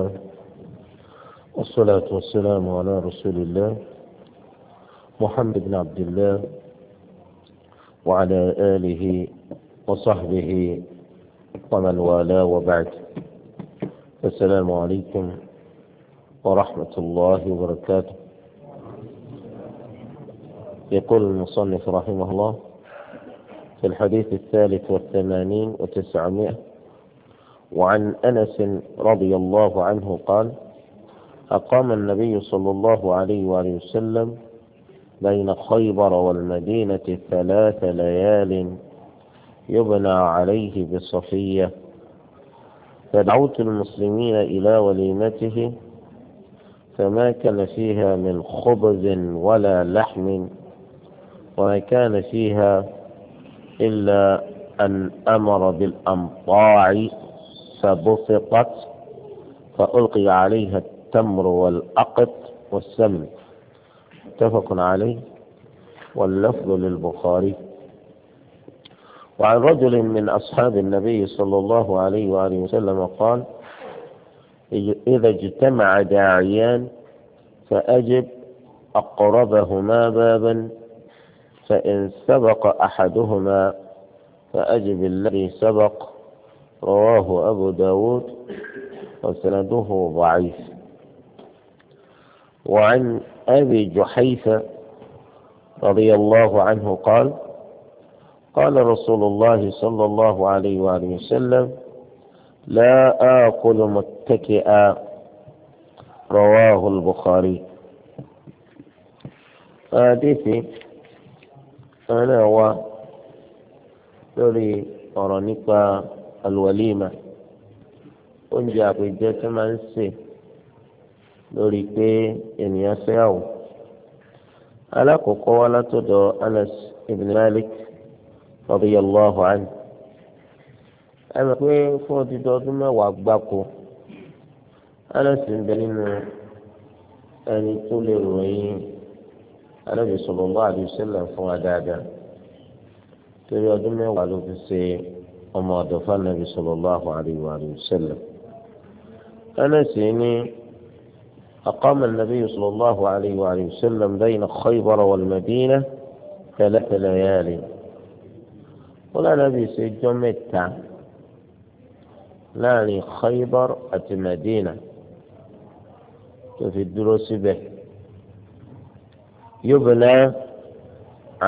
الله والصلاة والسلام على رسول الله محمد بن عبد الله وعلى آله وصحبه ومن والاه وبعد السلام عليكم ورحمة الله وبركاته يقول المصنف رحمه الله في الحديث الثالث والثمانين وتسعمائة وعن أنس رضي الله عنه قال أقام النبي صلى الله عليه وآله وسلم بين خيبر والمدينة ثلاث ليال يبنى عليه بصفية فدعوت المسلمين إلى وليمته فما كان فيها من خبز ولا لحم وما كان فيها إلا أن أمر بالأمطاع الشمس فألقي عليها التمر والأقط والسمن متفق عليه واللفظ للبخاري وعن رجل من أصحاب النبي صلى الله عليه وآله وسلم قال إذا اجتمع داعيان فأجب أقربهما بابا فإن سبق أحدهما فأجب الذي سبق رواه أبو داود وسنده ضعيف وعن أبي جحيفة رضي الله عنه قال قال رسول الله صلى الله عليه وآله وسلم لا آكل متكئا رواه البخاري حديثي أنا و لوري أرانيكا alwalima oúnjẹ àpèjẹ tí máa ń sè lórí pé ènìyàn fẹ́yàwó alákọ̀ọ́kọ́ wa látọ̀dọ̀ Anas ibn Malik radiyallahu anhu ẹ mọ̀ pé fún odidi ọdún mẹ́wàá gbáko Anas ń bẹ nínú ẹni tó lè ròyìn Ànábì sallallahu alaihi fún wa dáadáa torí ọdún mẹ́wàá ló fi ṣe é. ọmọ ọ̀dọ̀ fanabi sallallahu alayhi wa sallam Anas ni أقام النبي صلى الله عليه وآله وسلم بين خيبر والمدينة ثلاث ليال nàbì نبي سجن mẹ́ta láàrin khaybar àti mẹ́dínà tó fi dúró síbẹ̀ yóò bẹ̀rẹ̀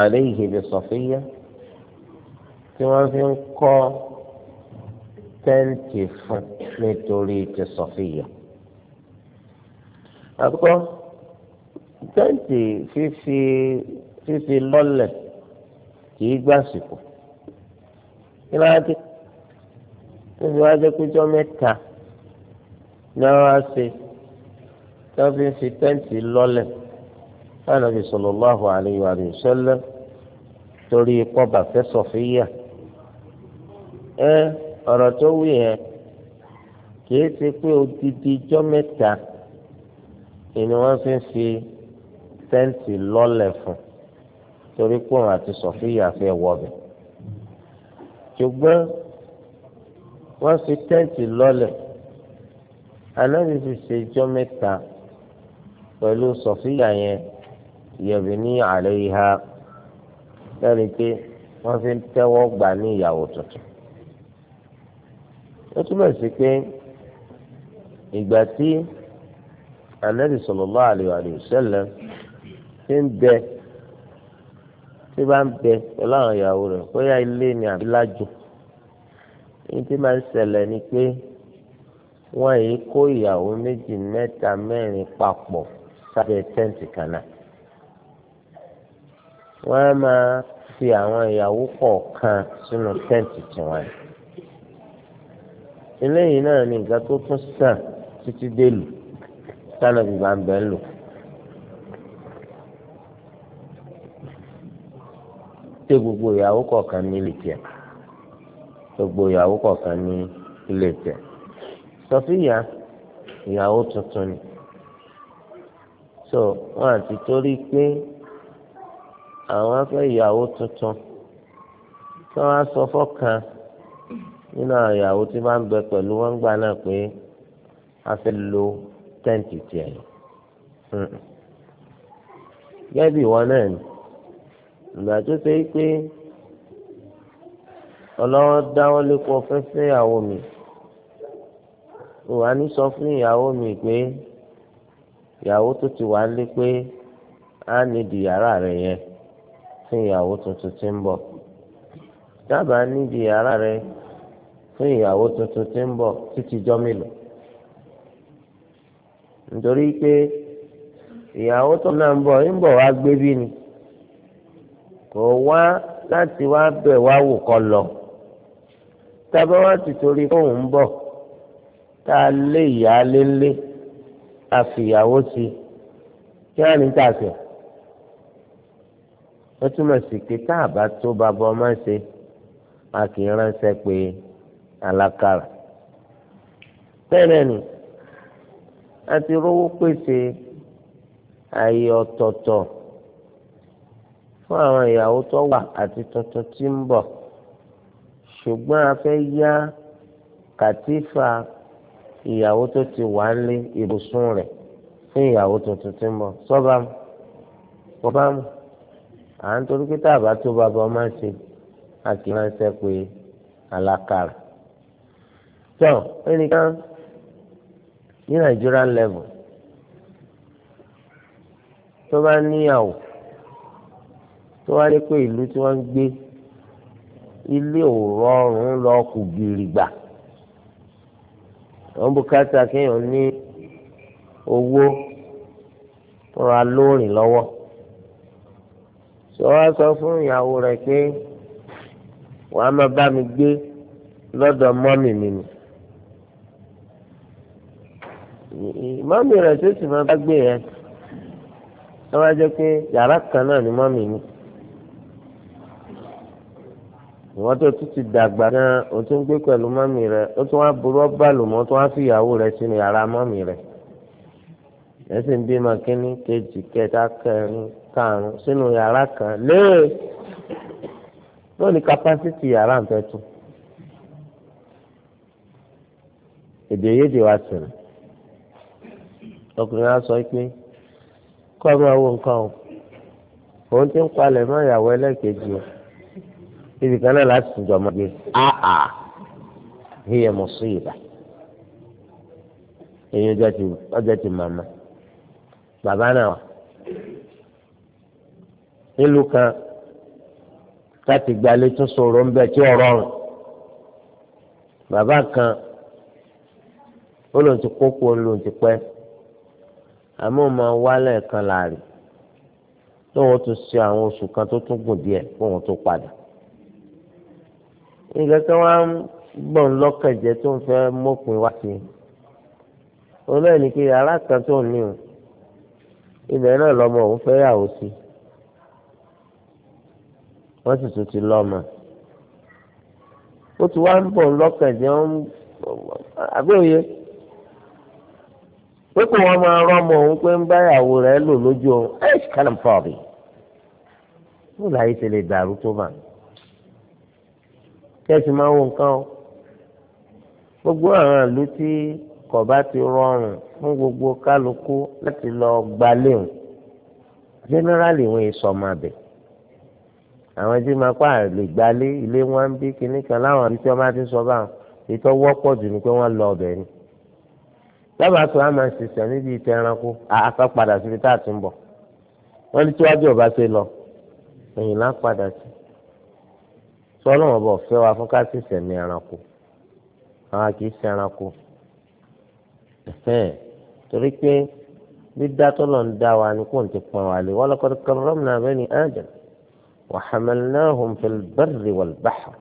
àlẹ́ bí sọ̀fíyà tí wọ́n fi ń kọ́ tẹ́ǹtì fún nítorí ti sọ̀fìyà. àkọ́kọ́ tẹ́ǹtì fífi fífi lọ́lẹ̀ kìí gbàsìkò kí ló dé tó fi wá jẹ́ péjọ́ mẹ́ta ni wọ́n á ṣe tó fi fi tẹ́ǹtì lọ́lẹ̀ Ànábì sallallahu alayhi wa sallam torí kọ́ba fẹ́ sọ̀fìyà ẹ ọ̀rọ̀ tó wí yẹn kìí ṣe pé odidi ijọ́ mẹ́ta ni wọ́n fi ń fi tẹ́ǹtì lọ́lẹ̀ fún torí pé òun àti sọ̀fíyà fẹ́ wọ̀bẹ̀ ṣùgbọ́n wọ́n fi tẹ́ǹtì lọ́lẹ̀ anábì fi ṣe ijọ́ mẹ́ta pẹ̀lú sọ̀fíyà yẹn yẹ̀bi ní àlẹ́ ìhà lẹ́rìí pé wọ́n fi ń tẹ́wọ́ gbà ní ìyàwó tuntun ó túmọ̀ sí pé ìgbà tí anabi sallallahu alaihi wa sallam ti ń bẹ tí bá ń bẹ pẹ̀lú àwọn ìyàwó rẹ̀ bóyá ilé ni àbí lájò ní tí máa ń ṣẹlẹ̀ ni pé wọ́n yìí kó ìyàwó méjì mẹ́ta mẹ́rin papọ̀ sábẹ́ tẹ́ǹtì kan wọ́n máa fi àwọn ìyàwó kọ̀ọ̀kan sínú tẹ́ǹtì tiwọn yìí eléyìí náà ní nǹkan tó tún sàn títí délù tánàbí bá ń bẹ́ ń lò. tẹ gbogbo ìyàwó kọ̀ọ̀kan ní ilé tiẹ̀ gbogbo ìyàwó kọ̀ọ̀kan ní ilé tiẹ̀ Sọfíyà ìyàwó tuntun ni so wọn àti torí pé àwọn afẹ́ ìyàwó tuntun tí wọ́n á sọ fọ́kàn nínú àyàwó tí máa ń bẹ pẹ̀lú wọn gbà náà pé a fẹ́ lo tẹ́ǹtì tiẹ̀ gẹ́gẹ́ bí ìwọ náà ni ìgbà tó ṣe pé ọlọ́wọ́ dáwọ́ lẹ́kọ̀ọ́ fẹ́fẹ́ ìyàwó mi ó wà ní sọ fún ìyàwó mi pé ìyàwó tó ti wà lé pé á nídìí yàrá rẹ̀ yẹn fún ìyàwó tuntun tí ń bọ̀ dábàá nídìí yàrá rẹ̀ fún ìyàwó tuntun tí ń bọ̀ títí jọ́ mélòó nítorí pé ìyàwó tó náà ń bọ̀ ń bọ̀ wá gbé bí ni kò wá láti wá bẹ̀ wá wò kọ́ lọ tábà wá ti torí fóun ń bọ̀ tá a lé ìyá lélé a ìyàwó sí kí á ní tàṣẹ ó túmọ̀ sí pé tá a bá tó bàbá ọmọ ṣe a kì í ránṣẹ́ pé. alákàrà bẹ́ẹ̀ ni a ti rówó pèsè ààyè ọ̀tọ̀ọ̀tọ̀ fún àwọn ìyàwó tó wà àti tuntun tí ń bọ̀ ṣùgbọ́n a fẹ́ yá kàtífà ìyàwó tó ti wà lé ibùsùn rẹ̀ fún ìyàwó tuntun tí ń bọ̀ sọ́ba mu sọ́ba mu à ń torí pé tá a bá tó bàbá ọmọ ṣe a kì í máa ń sẹ́ pé alákàrà tó ẹnìkan ní Nigerian level tó bá níyàwó tó wá dé pé ìlú tí wọ́n ń gbé ilé òrọ̀rùn lọ kù gìrìgbà wọ́n bùkátà kéèyàn ní owó tó ra lóòrìn lọ́wọ́ sọ wá sọ fún ìyàwó rẹ̀ pé wàá máa bá mi gbé lọ́dọ̀ mọ́mì mi ni mọ́mí rẹ̀ tó sì máa bá gbé yẹn wọ́n yàrá kan náà ni mọ́mí ni ìwọ́n tó tún ti dàgbà náà o tún gbé pẹ̀lú mọ́mí rẹ̀ ó tún wá burú ọba tó wá fìyàwó rẹ̀ sínú yàrá rẹ̀ bímọ kínní kejì kẹta kẹrin sínú yàrá kan kapásítì yàrá ń fẹ́ ọkùnrin á sọ pé kọ́ ẹ máa wo nǹkan o òun ti ń palẹ̀ mọ́ ìyàwó ẹlẹ́ẹ̀kejì o ibi kan náà láti tìjọ máa gbé áà híyẹ mọ̀ sí ìbà èyí ọjọ́ ti màmá bàbá kan láti gbalẹ̀ tún sọ̀rọ̀ ń àmọ́ máa wá lẹ́ẹ̀kan láàrin lóun tún ṣe àwọn oṣù kan tó tún gùn díẹ̀ kóun tó padà nǹkan kan wá ń gbọ̀n lọ́kànjẹ́ tó ń fẹ́ mọ́pin wá sí i òun náà ní pé yàrá kan tó ní o ibẹ̀ náà lọ́mọ òun fẹ́ yàwó sí wọ́n sì tún ti lọ́mọ ó ti wá ń bọ̀ lọ́kànjẹ́ àbí òye pé kò wọ́n máa rọ́mọ òun pé ń bá ìyàwó rẹ̀ lò lójú òun ẹ̀ṣ kálọ̀ fọ́ọ̀bì ó láyé ti lè dàrú tó bá kẹ́sì máa wo nǹkan o gbogbo àwọn ìlú tí kọ̀ọ̀bá ti rọrùn fún gbogbo kálukú láti lọ gbalẹ̀ òun generally wọn sọ ọmọ abẹ àwọn tí máa pa lè gbalé ilé wọn bí kinní kan láwọn àbí tí wọn bá ti sọ báwọn ètò wọ́pọ̀ jù ni pé wọ́n lọ ọbẹ̀ ni dábàá sọ àmà ṣiṣẹ́ níbi ìtẹ̀ ẹranko àṣà padà síbi tá a ti ń bọ̀ wọ́n ní tíwájú ọba ṣe lọ ẹ̀yìn lá padà sí sọ́nà ọba ọ̀fẹ́ wa fún ká ṣiṣẹ́ ní ẹranko àwọn kì í ṣe ẹranko torí pé dídá tọ́lọ̀ ń dá wa ni kò ń ti pọn wa lé wa laqad karramna bani Adam wa hamalnahum fil barri wal bahri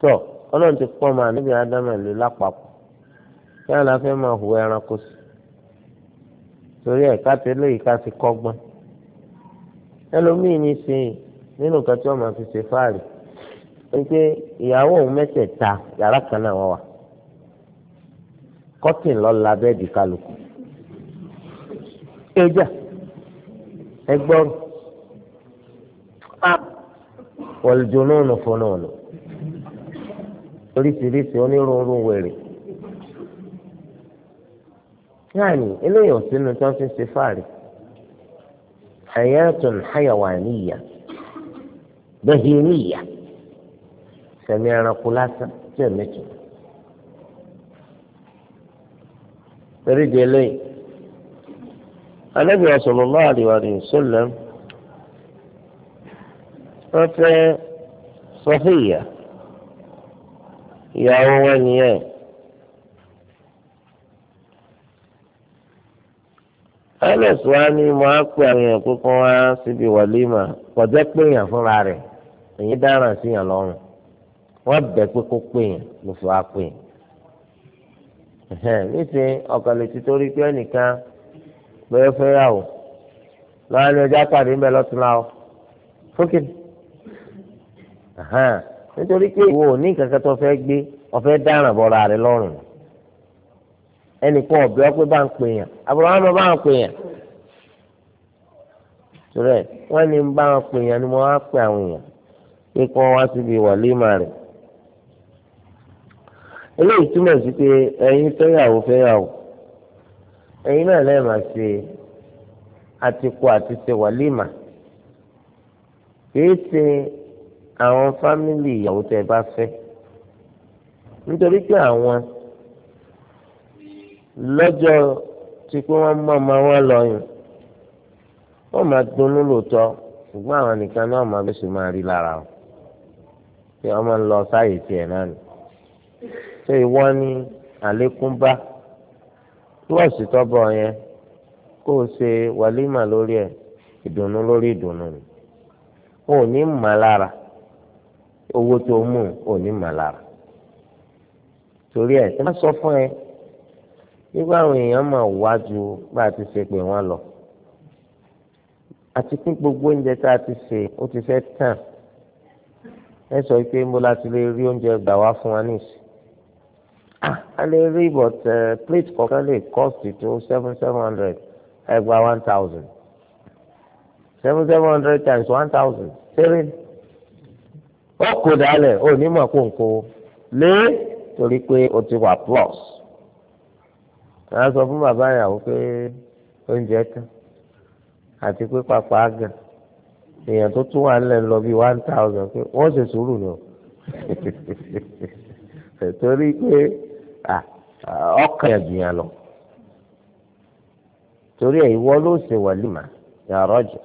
tọ́. So, ọlọ́run ti pọ́n máa níbi ádámà lé lápapọ̀ kí wọn la fẹ́ máa hùwà ẹranko sí torí ẹ̀ ká ti lóyìí ká ti kọ́gbọ́n ẹlòmíì ní sìn nínú nǹkan tí wọ́n máa fi ṣe fáàrí wípé ìyàwó òun mẹ́tẹ̀ẹ̀ta yàrá kan náà wọ́n wà kọ́tìn lọ la bẹ́ẹ̀dì kálukú ẹjà ẹgbọ́n ah! wọ́n lè dùnú nù fún un nù oríṣiríṣi onírúurú wèrè yáàni eléyìí ò sínú tí wọ́n fi ń ṣe fáàrí hayatun hayawaniya bahimiya sẹmi ẹranko lásán tí ò mẹtò torí di eléyìí anabi sallallahu alaihi wasallam wọ́n fẹ́ ìyàwó wọn nìyẹn. ls wa ni mo á pè àwọn èèyàn kókó wá síbi wàlímà pé èèyàn fúnra rẹ̀ èyí dáràn sí èèyàn lọ́rùn wọ́n bẹ̀ pé pè yàn ló pè yàn. ọ̀kan lè ti torí pé ẹnìkan bẹ́ẹ̀ ọjà pàdé ń bẹ lọ́tún nítorí pé ìwọ ò ní kankan tó fẹ́ gbé ọ̀fẹ́ dáràn bọ́ra rẹ lọ́rùn ẹnìkan ọ̀bẹ ọpẹ́ bá ń pè yàn àbúrò wọn bá ń pè yàn tìrẹ wọn ní bá pè yàn ni mo wá pè àwọn èèyàn pé kí wọn wá síbi wàlímà rẹ eléyìí túmọ̀ sí pé ẹ̀yin fẹ́yàwó fẹ́yàwó ẹ̀yin náà ṣe àti ṣe àwọn fámìlì ìyàwó tẹ́ bá fẹ́ nítorí pé àwọn lọ́jọ́ tí pé wọ́n mọ ọmọ wọn lọ́yìn wọ́n máa dunnú lóòótọ́ ṣùgbọ́n àwọn nìkan náà máa bẹ́sẹ̀ máa rí lára o pé ọmọ ń lọ sáyè tiẹ̀ náà ni ṣé ìwọ ní àlékún bá túwọ̀sì tọ́bọ̀ yẹn kó o ṣe wàlímà lórí ẹ̀ ìdùnnú lórí ìdùnnú ni òun ní mọ̀ lára owó tó mú òní màlá torí ẹ tí wọ́n sọ fún ẹ nígbà àwọn èèyàn máa wá ju bá a ti ṣe pé wọ́n lọ àti pín gbogbo oúnjẹ tá a ti ṣe ó ti fẹ́ tàn ẹ sọ pé mo láti lè rí oúnjẹ gbà wá fún wa nísì a lè rí but eh, plate kọ̀ọ̀kan lè cost tó seven seven hundred ẹgbàá one thousand seven seven hundred times one thousand seven. ó kó dálẹ̀ ó ní mọ̀ kó nǹkó lé torí pé o ti wà plus a sọ fún bàbá ìyàwó pé oúnjẹ tán àti pé pàpà àgàn èèyàn tó tún wà nílẹ̀ lọ bíi one thousand pé wọ́n ṣe sùúrù ni o torí pé ọkàn ẹ̀gbìyàn lọ torí ẹ̀ ìwọ ló ṣe yàrá ọjà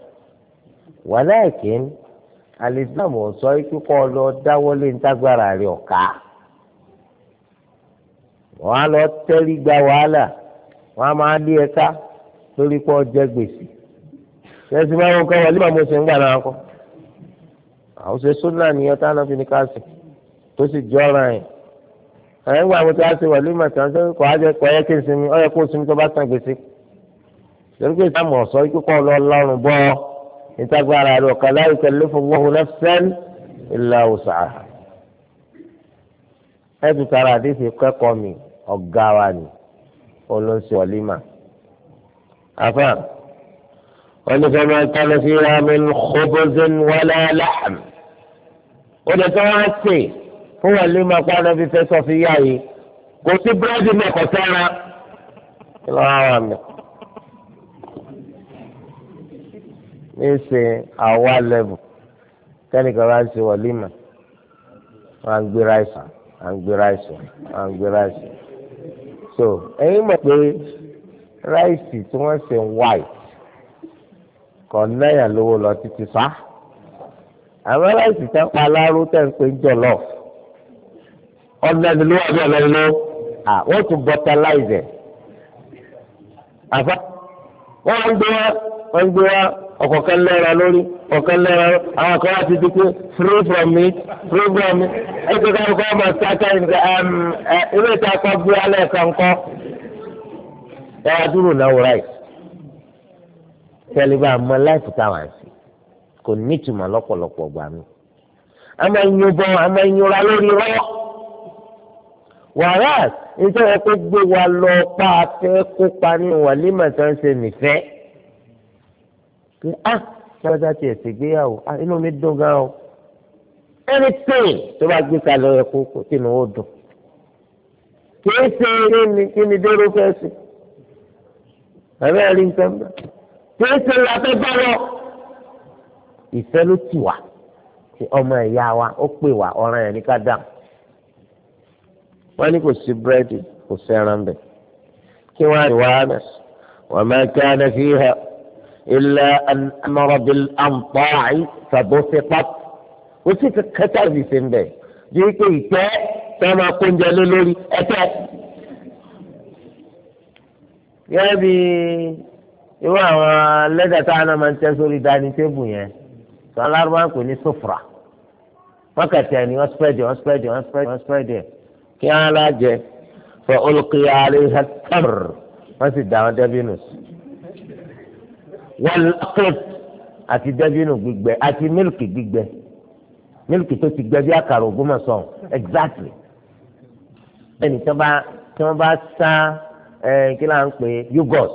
alìsílámù ọ̀sọ́ ikú kọ́ lọ dáwọ́lé ntágbára rẹ̀ wọ́n á lọ tẹ́rí gba wàhálà wọ́n á máa lé ẹ̀ka lórí pọ́ jẹ́ gbèsè tẹ́sí máa ń kọ́ wọlé màmú gbà náà kọ́ àwọn ṣe súnà nìyẹn tá a lọ fi ní tó sì yẹn àwọn tí a ṣe màtí ṣe kí n sinmi kó sinmi tó bá ìtagbára rẹ̀ ọ̀kan la yukallifu Allahu nafsan illa wus'aha. ẹ tún tara àdéhìí kẹ́kọ̀ọ́ mi ọ̀gá wa ni olóńsì ọ̀límà. afa wọn fẹ́ máa tán sí wa min khubzin wala ó lè tọ́ wá sí fún ọ̀límà pàdé fífẹ́ sọ fi yá yìí kò sí búrẹ́dì mẹ́kọ̀ọ́ sára. kí ló wá wà ń ṣe àwa level tẹ́nìkan bá ń ṣe wọ̀límà wọ́n á ń gbé ráìsì à ń gbé ráìsì à ń gbé ráìsì so ẹ̀yin mọ̀ pé ráìsì tí wọ́n ṣe ń white kò náyà lówó lọ títí fa àwọn ráìsì tẹ́ ń pa aláró tẹ́ ń pè ń jọ̀lọ́ ọ̀nàdínlówó àbí ọ̀nàdínlówó à wọ́n tún bọ́tàláìzẹ̀ àfa wọ́n ń gbé wá wọ́n ń gbé wá ọ̀kọ̀ọ̀kan lẹ́ra lórí ọ̀kan lẹ́ra àwọn kan wá ti free from me free from me ẹ ti ká ọkọ ọmọ sáká ẹ ilé ìta kọ gbé alẹ́ kan kọ́ ẹ wá dúró náà wúra yìí tẹ́lẹ̀ bá a mọ láìpẹ́ táwọn àti kò ní ìtumọ̀ lọ́pọ̀lọpọ̀ gbà mí a máa ń yọbọ a máa ń yọra lórí rọ́ọ̀ wàhálà nítorí pé gbé wa lọ pa afẹ́ kópa nínú wàlímọ̀ tó ń ṣe nìfẹ́ pé ah, á sábàjá tiẹ̀ ṣègbéyàwó á ah, inú mi dùn gan o anything tó bá gbé kalẹ̀ ẹ̀ kó kó tí mi ó dùn kìí ṣe eré ni kí ni dérò fẹ́ sí ẹ̀rẹ́ rí nǹkan bá kìí ṣe ìyàtọ̀ bá lọ. ìfẹ́ ló tì wá tí ọmọ ẹ̀yà wa ó pè wá ọ̀ràn ẹ̀ ní ká dà wọ́n ní kò sí búrẹ́dì kò sẹ́ran bẹ̀ kí wọ́n á rí wàhálà wọ́n máa ká ẹ̀ fi hàn. إلا أن أمر بالأمطاع فبسطت وسيك كتر في سنبه جيك إتاء كما قن جلولي أتاء يا بي ìwọ àwọn lẹ́dà táwọn náà máa ń tẹ́ sórí dání tébù yẹn sọ alárùbá kò ní sófra wákàtí àní wọ́n spẹ́dì wọ́n spẹ́dì wọ́n spẹ́dì wọ́n spẹ́dì kí wọ́n á lájẹ fọ olùkíyà àlè hàtàr wọ́n sì dá wọn dẹ́bí nù sí wal-qit àti dẹ́bínú gbígbẹ àti mílìkì gbígbẹ mílìkì tó ti gbẹ bí àkàrà Ògbómọ̀ṣọ́ exactly ẹnì tí wọ́n bá tí wọ́n bá sá kí là ń pè yogurt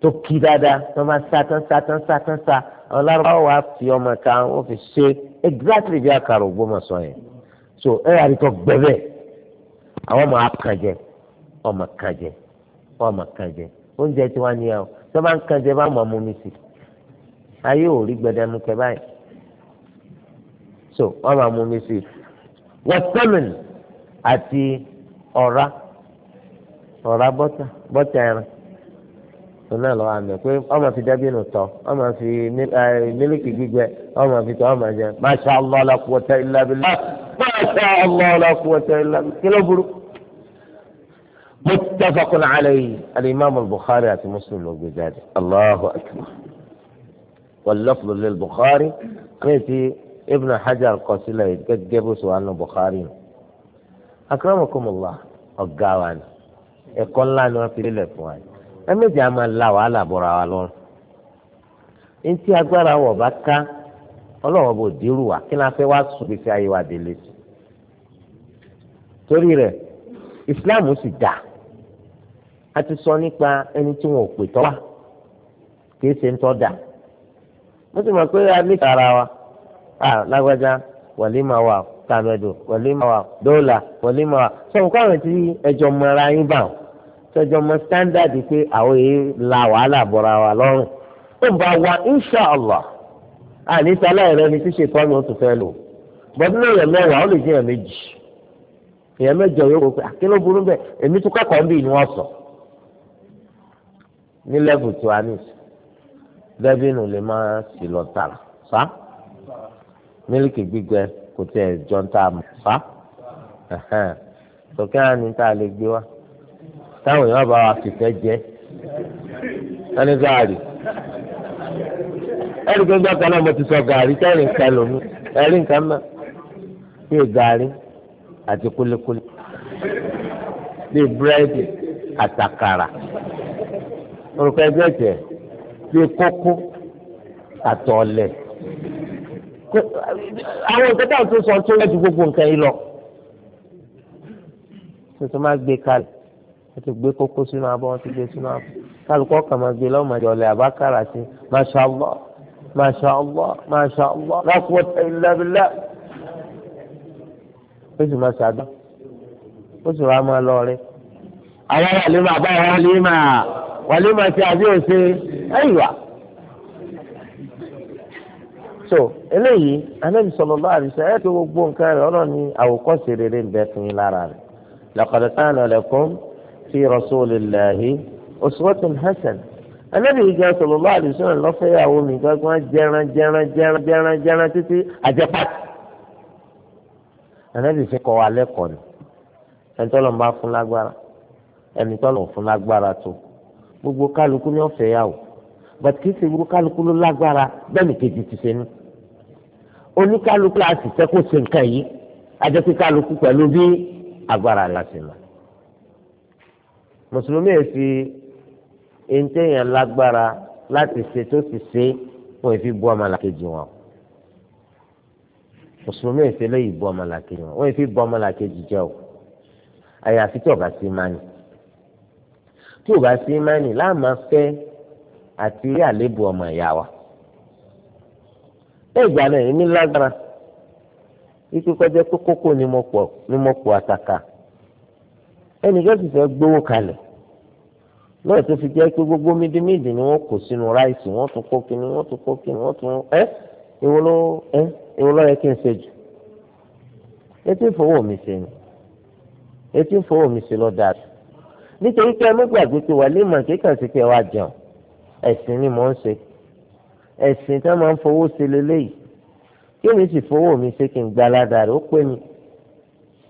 tó kí dáadáa tí wọ́n bá sá tán sá tán sá tán sá àwọn lárúbáwò wa fi ọmọ ká wọ́n fi ṣe exactly bí àkàrà Ògbómọ̀ṣọ́ yẹn so ẹ yà rí tó gbẹbẹ àwọn ọmọ akànjẹ ọmọ kànjẹ ọmọ kànjẹ oúnjẹ tí wọ́n ní ẹ o tó bá ń kan jẹ bá mọ̀ mú mi sí ayé ò rí gbẹdẹmukẹ báyìí so wọ́n máa mú mi sí wọ́tẹ́mìn àti ọ̀rá ọ̀rá bọ́tà bọ́tà ẹran tó náà lọ́wọ́ àmì pé ọmọ fi dẹ́bìnú tọ́ ọmọ fi mílíkì gbígbẹ ọmọ fi tọ́ ọmọ jẹ masha allah la quwwata illa billah masha allah la quwwata illa billah kí ló burú muttafaqun alayhi alimami bukhari àti muslim ló gbé jáde allahu akbar wal-lafzu lil bukhari kéètì ibn hajar kọsílẹ̀ gẹ́gẹ́ bó sọ wàánu bukhari nù. akramakumullah ọ̀gá wa ni ẹ̀kọ́ ńlá ni wọ́n fi lélẹ̀ fún wa ni ẹ méjì á máa la wàhálà bọ̀ra wa lọ́rùn. ntí agbára wọ̀ bá ká ọlọ́wọ́ bò dérú wa kí ni a fẹ́ wá sùn gbèsè ayé wa délé. torí rẹ̀ ìsìláàmù sì dáa a ti sọ nípa ẹni tí wọn ò pè tọ́ wa kì í ṣe ń tọ́ da mo sì mọ̀ pé a ní ara wa lágbájá wàlímà wà tàmẹ̀dù wàlímà wà dọ́là wàlímà wà sọ̀rọ̀ káwọn ti ẹjọ́ mọ́ra yín bá wọn tẹjọ mọ sítándàdì pé àwọn èyí la wàhálà bọ̀ra wa lọ́rùn tó ń bá wa insha allah àníta láìrẹ́ ni ṣíṣe kọ́ ni ó tún fẹ́ lò bọ́dún náà yẹn mẹ́wàá ó lè jẹ́ yẹn méjì yẹn mẹ́jọ yóò kó pé àkínló burú bẹ́ẹ̀ èmi tún kọ́kọ́ ń bì ní wọ́n sọ ní lẹ́bù tó a ní dẹ́bìnù lè máa sì lọ tààrà fa mílíkì gbígbẹ kò tẹ̀ jọ ń tà mọ́ fa tòkẹ́ àní tá a lè gbé wa táwọn èèyàn bá wa fìfẹ́ jẹ ẹni gaari ẹni gbẹgbẹ kan náà mo ti sọ gaari tẹ́rì nǹkan lómi ẹ̀rí nǹkan mọ́ bíi gaari àti kulikuli bíi búrẹ́dì àtàkàrà orúkọ ẹgbẹ́ ẹ̀jẹ̀ bí kókó àtọ̀ọ̀lẹ̀ àwọn nǹkan táwọn tó sọ tó lẹ́jú gbogbo nǹkan yìí lọ tuntun máa gbé kalẹ̀ wọ́n ti gbé kókó sínú abọ́ wọ́n ti gbé sínú abọ́ kálukọ́ kà máa gbé lọ́wọ́ màjọ ọ̀lẹ̀ àbákàrà sí masha allah masha allah masha allah lákòótá ìlàbílà ó sì máa ṣàdá ó sì wá máa lọ rẹ àwọn àlè máa bá àwọn àlè máa wàlímà ṣe àbí òṣè ẹ̀yìnwá. so eléyìí anábì sallallahu alaihi wasallam ẹ̀ tó gbogbo nǹkan rẹ̀ ọlọ́run ní àwòkọ́ṣe rere ń bẹ fún yín lára rẹ̀ laqad kana lakum fi rasulillahi uswatun hasanah anábì ìgbà sallallahu alaihi wasallam lọ́fẹ̀yàwó mi gbàgbọ́n jẹran jẹran jẹran jẹran jẹran títí àjẹpàtì anábì fi kọ́ wa lẹ́kọ̀ọ́ ni ẹni tọ́lọ́ bá fún lágbára ẹni tọ́lọ́ fún lágbára tó gbogbo kálukú ní ọ̀fẹ́ yà wò bàtí kì í ṣe irú kálukú ló lágbára bẹ́ẹ̀ ni kejì ti ṣe ní. oníkálukú la sì fẹ́ kó ṣe nǹkan yìí ajẹ́ pé kálukú pẹ̀lú bí agbára la ṣe mọ̀. mùsùlùmí yẹn fi eńtẹ́yìn lágbára láti ṣe tó ti ṣe wọ́n yẹn fi bú ọmọlàkejì wọn. mùsùlùmí yẹn fi lẹ́yìn bú ọmọlàkejì wọn wọ́n yẹn fi bú ọmọlàkejì jẹ́ o àyàfi tí ọ̀gá sí máa ní tí ò bá sí imáni láàmà fẹ́ àti rí àléébù ọmọ ìyá wa bẹ́ẹ̀ ìgbà náà èmi lágbára ikú kọjá ni mo pọ̀ ni mo pọ̀ àtàkà ẹnìkan sì fẹ́ gbówó kalẹ̀ lọ́ọ̀ tó fi jẹ́ pé gbogbo mídìmídì ni wọ́n kó sínú ráìsì wọ́n tún kó kíní wọ́n tún kó kíní wọ́n tún ẹ́ ìwọ ló ẹ́ ìwọ ló yẹ kí n ṣe jù etí ìfowó mi ṣe ni etí ìfowó mi ṣe lọ́ọ́ dáa nítorí pé ẹlẹ́gbàgbé ti wà léèmọ̀ kékàn sí pé wàá jẹun ẹ̀sìn ni mò ń ṣe ẹ̀sìn tí wọ́n máa ń fowó ṣe lélẹ́yìí kí ni sì fowó mi ṣe kí n gba aládàá rẹ̀ ó pè mí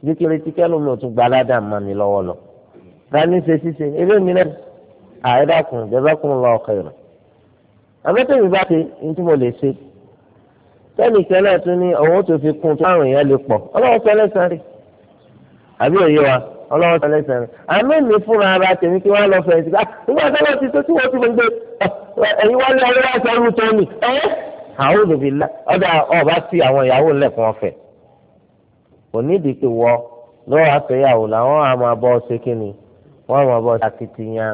bí kí ni tí kẹ́lómi ò tún gba aládàá mọ́ mi lọ́wọ́ lọ. rani ṣe ṣíṣe eré mi náà àìdákùn ìjọbákùn lọ ọkọ̀ ìrọ̀ àbẹ́tẹ̀mí bá ti ní tí mo lè ṣe tẹ́nì kẹ́lẹ́ tún ní ọ̀hún tó fi kún tó àrùn yẹn lè pọ̀ ọlọ́run fẹ́lẹ́ sáré àbí òye wa ọlọ́wọ́ sọ lẹ́sẹ̀ rẹ̀ àmì mi fúnra ara tèmi kí wọ́n lọ fẹ̀ sí ah, nígbà tó lọ́ọ́ ti tó tí wọ́n ti gbé ah, ẹ̀yin wọ́n lé ọlọ́wọ́ sọ ọ́rù tó nì ẹ́ àwọn òbí la ọ̀dà ọba sí àwọn ìyàwó lẹ́kùn ọ̀fẹ́ kò nídìí pé wọ́ lọ́wọ́ àtẹ̀yàwó làwọn àmọ́ abọ́ ṣe kí ni wọ́n àmọ́ abọ́ akitiyan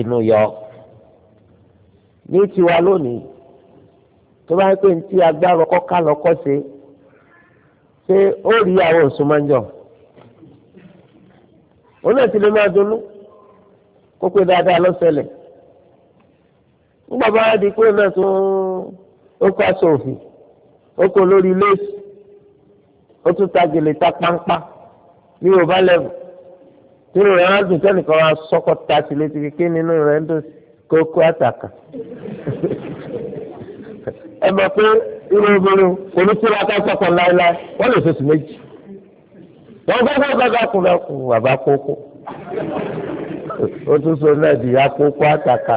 gbogbo ní ní tiwa lónìí tó bá yẹ pé ní tí agbára ọkọ ká lọkọ ṣe ṣé ó rí àwọn òṣùmọ́njọ́ òun náà ti lè máa dunnú kó pé dáadáa lọ́sẹ̀lẹ̀ nígbà bá di pé náà tó ó kọ́ aṣọ òfin ó kọ́ lórí léèsì ó tún ta gèlè ta páńpá ní yorùbá lẹ́bù tí ìròyìn aráàlú tẹ́nìkan wa sọ́kọ́ ta sí létí kékeré nínú rẹ̀ ń dòsí. kókó àtàkà ẹ mọ̀ pé irú obìnrin oníṣẹ́lá ká sọ̀kan láéláé wọ́n lè sọ̀tún méjì wọ́n gbọ́dọ̀ gbọ́dọ̀ kúnlẹ̀ kún bàbá kókó tún sọ náà di akókó àtàkà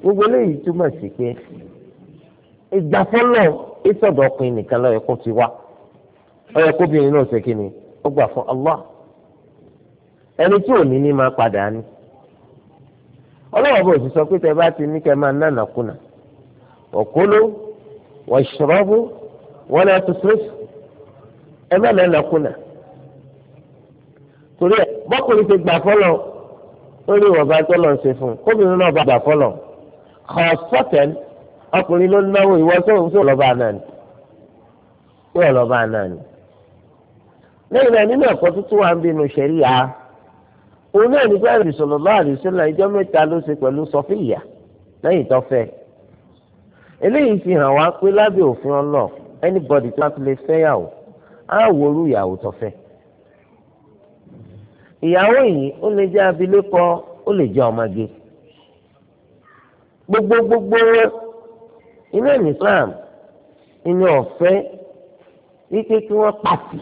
gbogbo eléyìí túmọ̀ sí pé ìgbàfọ́lọ̀ ìsọ̀dọ̀ ọkùnrin nìkan ló kó ti wá náà ṣe kí ni ó gbà fún Allah ọlọ́wọ́ bò sí sọ pé tẹ bá ti ní kẹ máa nánà kùnà òkúlù wàṣọrọ́bù wọn lè tó sọ́ọ̀sì ẹ má nánà kùnà torí ẹ bọ́kùnrin ti gbà fọlọ́ ó ní ìwọ̀nba tó lọ ṣe fún un kóbìnrin náà bá gbà fọlọ́ kọ́ sọ́tẹ̀n ọkùnrin ló náwó ìwọ sóhun sí ọlọ́ba náà ni sí ọlọ́ba náà ni lẹ́yìn náà nínú ẹ̀kọ́ tuntun wa ń bínú ṣẹ̀ríyà òun náà nígbà ìrìn sọ̀rọ̀ láàrin sílẹ̀ ìjọ mẹ́ta ló ṣe pẹ̀lú ìyá lẹ́yìn tọ́fẹ́ eléyìí fi hàn wá pé lábẹ́ òfin ọlọ́ anybody tó bá ti lè fẹ́yàwó á wò orú ìyàwó tọ́fẹ́ ìyàwó yìí ó lè jẹ́ abilékọ ó lè jẹ́ ọmọge gbogbo gbogbo inú Islam inú ọ̀fẹ́ wípé kí wọ́n pàtì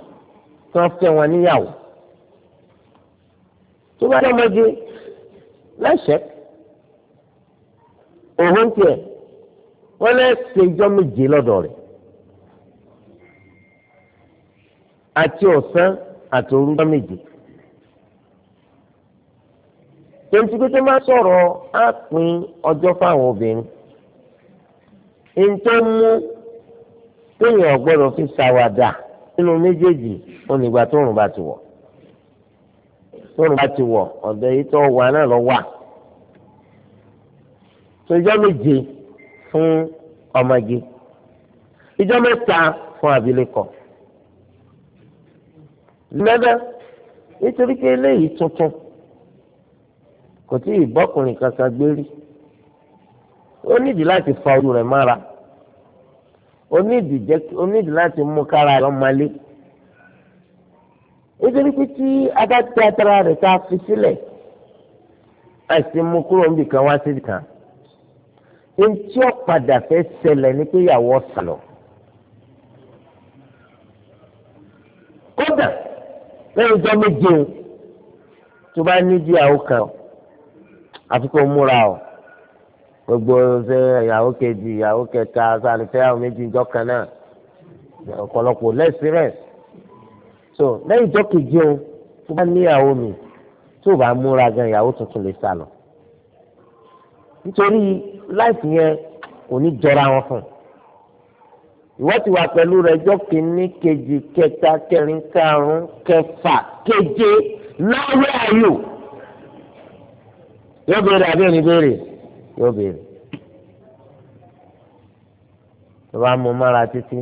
kí wọ́n fẹ́ wọn níyàwó tó bá lọ́mọdé lẹ́sẹ̀ òun tiẹ̀ wọ́n lẹ́sẹ̀ ìjọ méje lọ́dọ̀ rẹ̀ àti ọ̀sán àti òru ìjọ méje tẹ̀sí pé tó máa sọ̀rọ̀ á pín ọjọ́ fáwọn obìnrin nǹkan mú téèyàn gbọ́dọ̀ fi ṣàwàdà nínú méjèèjì onígbà tó rùn bá ti wọ̀ tóun bá ti wọ̀ ọ̀dọ̀ yìí tó wà náà lọ wà tó ìjọ méje fún ọmọge ìjọ mẹ́ta fún abilékọ lọ́dọ̀ nítorí pé eléyìí tuntun kò tí ì bọ́kùnrin kankan gbé rí ó nídìí láti fa ojú rẹ̀ mára ó nídìí láti mú kára rẹ̀ ọmọlé nítorí pé tí a bá tẹ atara rẹ̀ tá a fi sílẹ̀ àìsí mú kúrò níbi kan wá síbi kan ohun tí ó padà fẹ́ ṣẹlẹ̀ ni pé ìyàwó sàlọ̀ kódà lẹ́yìn ọjọ́ méje o tó bá ní bí ìyàwó kan àti kò múra o gbogbo ṣe ìyàwó kejì ìyàwó kẹta sálífẹ́ àwọn méjì ìjọ kan náà ọ̀pọ̀lọpọ̀ lẹ́sìn rẹ̀ so lẹ́yìn ìjọ kejì o tó bá níyàwó mi tó bá múra gan ìyàwó tuntun lè sá lọ nítorí láìpì yẹn kò ní jọra wọn fún ìwọ ti wà pẹ̀lú rẹ̀ ìjọ kìíní kejì kẹta kẹrin karùn-ún kẹfà keje náwó ayò yóò béèrè àbí òní béèrè yóò béèrè tó bá mú mọ́ra títí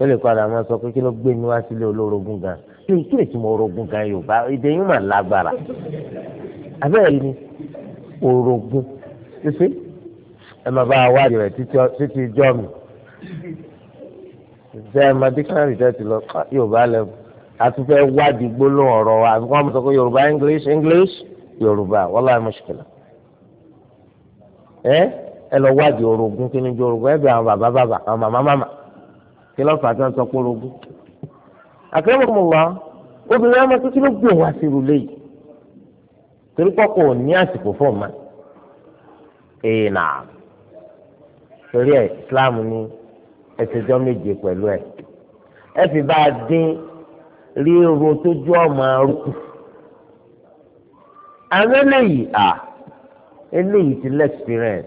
ó lè padà máa sọ pé kí ló gbé mi wá sílé olórogún gan kí ni kí ni tí mo orogún gan yorùbá èdè yín mà lágbára abẹ́rẹ́ ni orogún ṣíṣe ẹ máa bá wa rẹ̀ títí ijọ́ mi ṣe ẹ máa dictionary tẹ́ ti lọ yorùbá lẹ́wọ̀ àtúfẹ́ wádìí gbólóhùn ọ̀rọ̀ wa àbíkọ́ wọn sọ pé yorùbá english english yorùbá wallahi mushkila ẹ ẹ lọ wádìí orogún kí ni jọ orogún ẹ bí àwọn bàbá bàbá àwọn màmá màmá kí lọ́ọ́ fàá tó ń sọ pé orogún. àkẹ́rẹ́ mọ̀ wá obìnrin ọmọ títí ló gbé wá sí ìrùlé yìí torí pọ́kọ̀ ò ní àsìkò fún ọ̀ma. èè nà torí ẹ̀ Islam ní ẹ̀sẹ̀jọ́ méje pẹ̀lú ẹ̀ ẹ fi bá a dín ríro tójú ọmọ arúgbó. àwọn eléyìí à eléyìí ti lẹ́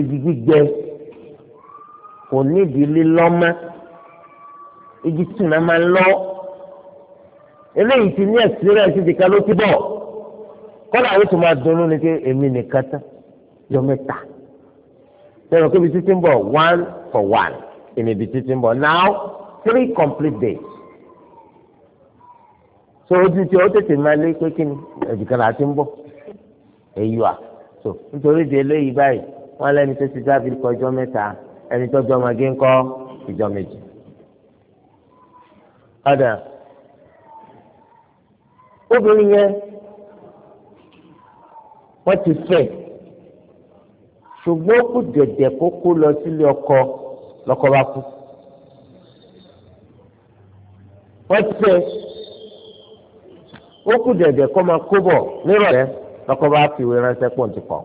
ìdí gbígbẹ́ kò nídìí lílọ́mọ́ igi tí màá máa ń lọ eléyìí ti ní ẹ̀sìrẹ́ǹsì ìdìkan ló ti bọ̀ kọ́lá àwọn tó máa dunnú ni pé èmi nìkan tán yọ mẹ́ta sẹ́wọ̀n kébi títí ń bọ̀ one for one ìnìbi títí ń bọ̀ now three complete days so ojú tí ó tètè máa lé pé kí ni ẹ̀dìkan là ti ń bọ̀ èyí wà so nítorí di eléyìí báyìí wọ́n lẹ́ni tó ti dábìlì kọjọ́ mẹ́ta ẹni tó jọ màgé ńkọ ìjọ méjì padà obìnrin yẹn wọ́n ti fẹ́ ṣùgbọ́n kú dẹ̀dẹ̀ kókó lọ sílé ọkọ lọ́kọ bá kú wọ́n ti fẹ́ ó kú dẹ̀dẹ̀ kọ́ máa kó bọ̀ nírọ̀lẹ́ lọ́kọ bá fi ìwé ránṣẹ́ pọ̀ ní kọ́.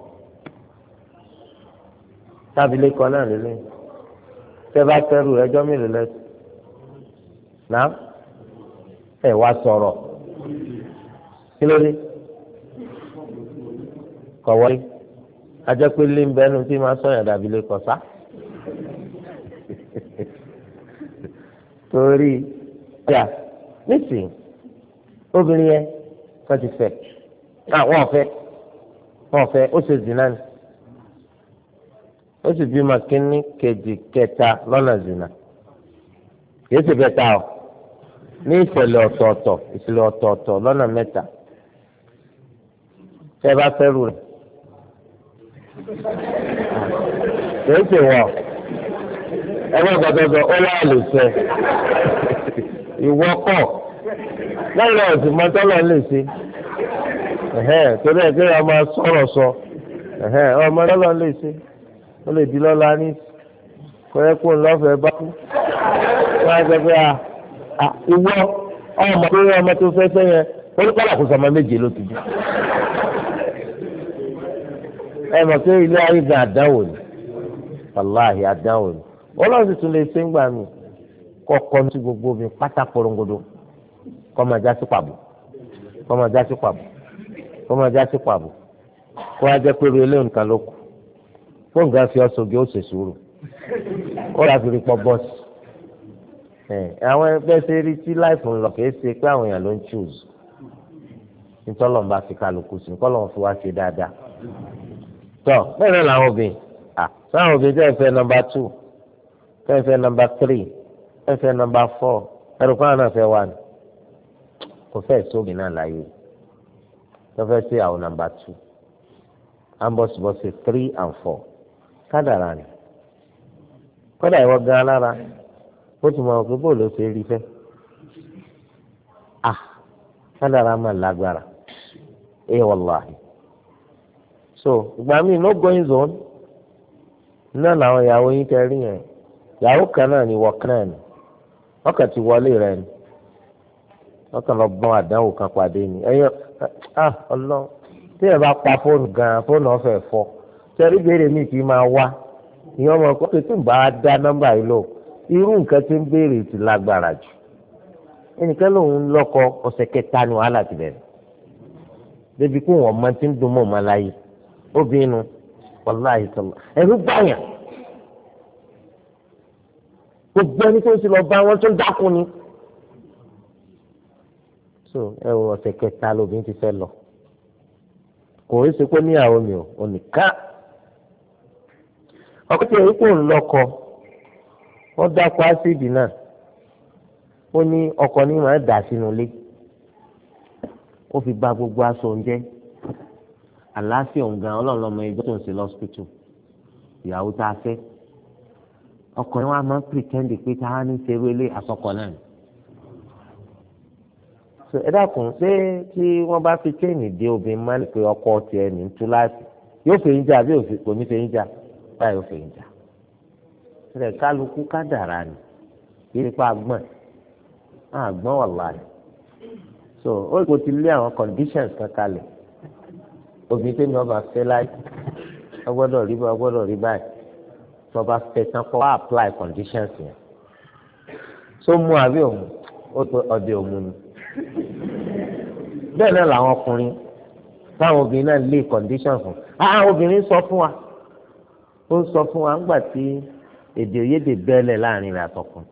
tábìlì kan náà lélẹ̀ tẹ́fà tẹ́rù ẹjọ́ mélòó lẹ́sìn náà ẹ̀ wá sọ̀rọ̀ kí ló dé kọ̀wọ́lé ajẹ́pẹ́ lé ń bẹ́nu tí máa sọ̀yàn dàbí lè sá torí ọjà nísìnyí obìnrin yẹn wọ́n ti fẹ́ àwọn ah, ọ̀fẹ́ wọ́n ọ̀fẹ́ ó ṣe zìnnà ni. ó sì bímọ kínní kejì kẹta lọ́nà zina kìí ta ọ ní ìṣẹ̀lẹ̀ ọ̀tọ̀ọ̀tọ̀ ìṣẹ̀lẹ̀ ọ̀tọ̀ọ̀tọ̀ lọ́nà mẹ́ta tẹ́ bá fẹ́ rẹ̀ kìí ṣe wọ̀ ẹgbẹ́ gbọdọdọ ó wà lè fẹ́ ìwọ lẹ́yìn ọ̀sìn mọ́tọ́lọ́ lè ṣe torí ẹ̀ kí ọmọ sọ̀rọ̀ sọ ọmọ lọ́lọ́ lè ṣe. ó lè di lọ́la ní kọ́yẹ́kùn lọ́fẹ̀ẹ́ bá kú wọ́n á sọ pé à ìwọ ọmọ tó yẹ ọmọ tó fẹ́ fẹ́ yẹn orúkọ àkóso ọmọ méje ló ti bí ẹ mọ̀ pé ilé ayé gan àdáwò ni wàláhì àdáwò ni ọlọ́run sì tún lè ṣe ń gbà mí kọ́kọ́ ní gbogbo mi pátá porongodo kọ́ máa já sí pàbò kọ́ máa já sí pàbò kọ́ máa sí pàbò kó wá pé ru eléyìí nǹkan ló kù fún nǹkan fi ọ̀sọ̀gì ó ṣe sùúrù ó rà fi rí pọ̀ bọ́ọ̀sì. àwọn ẹgbẹ́ ṣe rí tí láìfù ń lọ kìí ṣe pé àwọn èèyàn ló ń choose nítọ́lọ́ bá fi kálukú sí kọ́lọ́ fi wá ṣe dáadáa. tọ́ bẹ́ẹ̀ làwọn obìnrin sáwọn obìnrin tẹ́ ẹ fẹ́ nọmba two tẹ́ ẹ fẹ́ nọmba three tẹ́ ẹ fẹ́ nọmba four ẹ̀rù kan náà fẹ́ wà ní kò fẹ́ sómi náà láyé tọ́ fẹ́ sí àwọn nọmba two ambos bọ́sẹ̀ three and four. kádàrà ni kódà ìwọ gan alára ó tún máa pé bóòlù ó ṣe rí fẹ́ à ah, kádàrà máa lágbára ẹ so ìgbà no going zone náà làwọn ìyàwó yín kẹrí yẹn ìyàwó kan náà ni kan ni wọ́n ti wọlé rẹ ni wọ́n lọ àdánwò kan pàdé ni ah ọlọ́run tí ẹ bá pa fóònù gan sẹ́rí béèrè mi kì í máa wá ìyẹn ọmọ ọkọ pé tó ń bá a dá nọ́mbà yìí lò irú nǹkan tí ń béèrè ti lágbára jù ẹnìkan lòun lọ́kọ ọ̀sẹ̀ kẹta ni wàhálà ti bẹ̀rẹ̀ débi kó wọn máa ti ń dun mọ́ ọmọ láyé obìnrin nu wàláhì sọlọ ẹ̀rú gbàyàn gbogbo ẹni tó ń sì lọ bá wọn tó ń dákun ni so ẹ wọ ọ̀sẹ̀ kẹta lóbìnrin ti fẹ́ lọ kò í ṣe pé níyàwó mi ò nìkan ọkọ tí èyí kò ń lọkọ wọn dákọ ásíìdì náà ó ní ọkọ ní màá dà sínú ilé ó fi gba gbogbo aṣọ oúnjẹ àlàáfíà òǹgà ọlọ́run lọ́mọ ẹgbẹ́ tó ń ṣe lọ́sítítù ìyàwó tá a fẹ́ ọkùnrin wa máa ń pìtẹ́ndì pé tá a ní ṣerú ilé àsọkọ náà ẹ dákun ṣé tí wọ́n bá fi chain dé obìnrin máa ń pè ọkọ tiẹ̀ ní túláàsì yóò fẹ́ yín jà àbí kò ní fẹ́ jà báyìí ó fi jà rẹ̀ kálukú kádàrá ni kí nípa agbọ́n agbọ́n wà láàyè so ó kò ti lé àwọn conditions kan kalẹ̀ obìnrin tẹ́mi ọba fẹ́ láì ọgbọ́dọ̀ rí báyìí ọgbọ́dọ̀ rí báyìí tọba fẹ́ tán kọ́ wá apply conditions yẹn tó mú àbí òun ó tó ọdẹ òun ni bẹ́ẹ̀ náà làwọn ọkùnrin táwọn obìnrin náà lé conditions fún àwọn obìnrin sọ fún wa ó ń sọ fún wa ńgbà tí èdè òyédè bẹ́ẹ̀lẹ̀ láàrin rẹ̀ àtọkùn